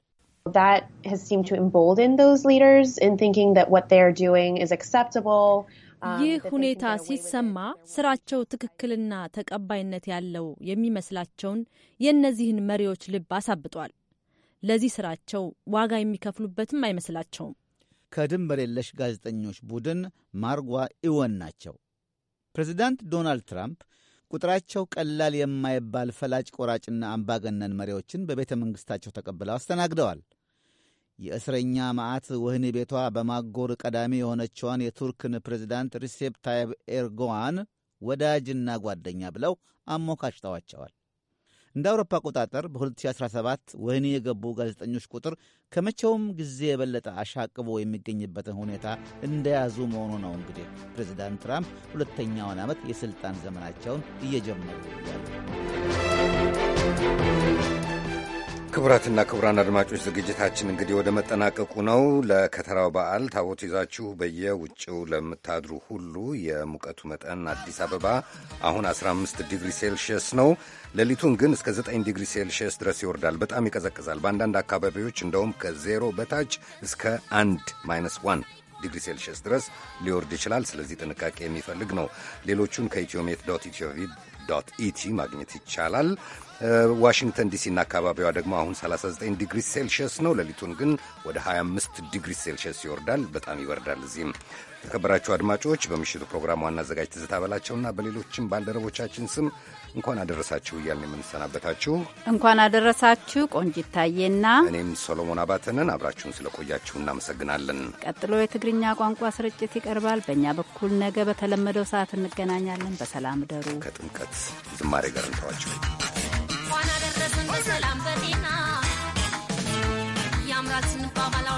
ይህ ሁኔታ ሲሰማ ስራቸው ትክክልና ተቀባይነት ያለው የሚመስላቸውን የእነዚህን መሪዎች ልብ አሳብጧል። ለዚህ ስራቸው ዋጋ የሚከፍሉበትም አይመስላቸውም። ከድንበር የለሽ ጋዜጠኞች ቡድን ማርጓ ኢወን ናቸው። ፕሬዚዳንት ዶናልድ ትራምፕ ቁጥራቸው ቀላል የማይባል ፈላጭ ቆራጭና አምባገነን መሪዎችን በቤተ መንግሥታቸው ተቀብለው አስተናግደዋል። የእስረኛ መዓት ወህኒ ቤቷ በማጎር ቀዳሚ የሆነችዋን የቱርክን ፕሬዚዳንት ሪሴፕ ታይብ ኤርዶዋን ወዳጅና ጓደኛ ብለው አሞካሽተዋቸዋል። እንደ አውሮፓ አቆጣጠር በ2017 ወህኒ የገቡ ጋዜጠኞች ቁጥር ከመቼውም ጊዜ የበለጠ አሻቅቦ የሚገኝበትን ሁኔታ እንደያዙ መሆኑ ነው። እንግዲህ ፕሬዚዳንት ትራምፕ ሁለተኛውን ዓመት የሥልጣን ዘመናቸውን እየጀመሩ ያሉ ክቡራትና ክቡራን አድማጮች ዝግጅታችን እንግዲህ ወደ መጠናቀቁ ነው። ለከተራው በዓል ታቦት ይዛችሁ በየውጭው ለምታድሩ ሁሉ የሙቀቱ መጠን አዲስ አበባ አሁን 15 ዲግሪ ሴልሽየስ ነው። ሌሊቱን ግን እስከ 9 ዲግሪ ሴልሽየስ ድረስ ይወርዳል። በጣም ይቀዘቅዛል። በአንዳንድ አካባቢዎች እንደውም ከዜሮ በታች እስከ 1 ማይነስ ዋን ዲግሪ ሴልሽየስ ድረስ ሊወርድ ይችላል። ስለዚህ ጥንቃቄ የሚፈልግ ነው። ሌሎቹን ከኢትዮሜት ዶት ኢትዮቪድ ዶት ኢቲ ማግኘት ይቻላል። ዋሽንግተን ዲሲና አካባቢዋ ደግሞ አሁን 39 ዲግሪ ሴልሽየስ ነው። ሌሊቱን ግን ወደ 25 ዲግሪ ሴልሽየስ ይወርዳል። በጣም ይበርዳል እዚህም የተከበራችሁ አድማጮች በምሽቱ ፕሮግራም ዋና አዘጋጅ ትዝታ በላቸውና በሌሎችም ባልደረቦቻችን ስም እንኳን አደረሳችሁ እያልን የምንሰናበታችሁ እንኳን አደረሳችሁ ቆንጂት ታዬና እኔም ሶሎሞን አባተንን አብራችሁን ስለቆያችሁ እናመሰግናለን። ቀጥሎ የትግርኛ ቋንቋ ስርጭት ይቀርባል። በእኛ በኩል ነገ በተለመደው ሰዓት እንገናኛለን። በሰላም ደሩ ከጥምቀት ዝማሬ ጋር እንተዋቸው። እንኳን አደረሰን በሰላም በጤና ያምራል ስንባባላ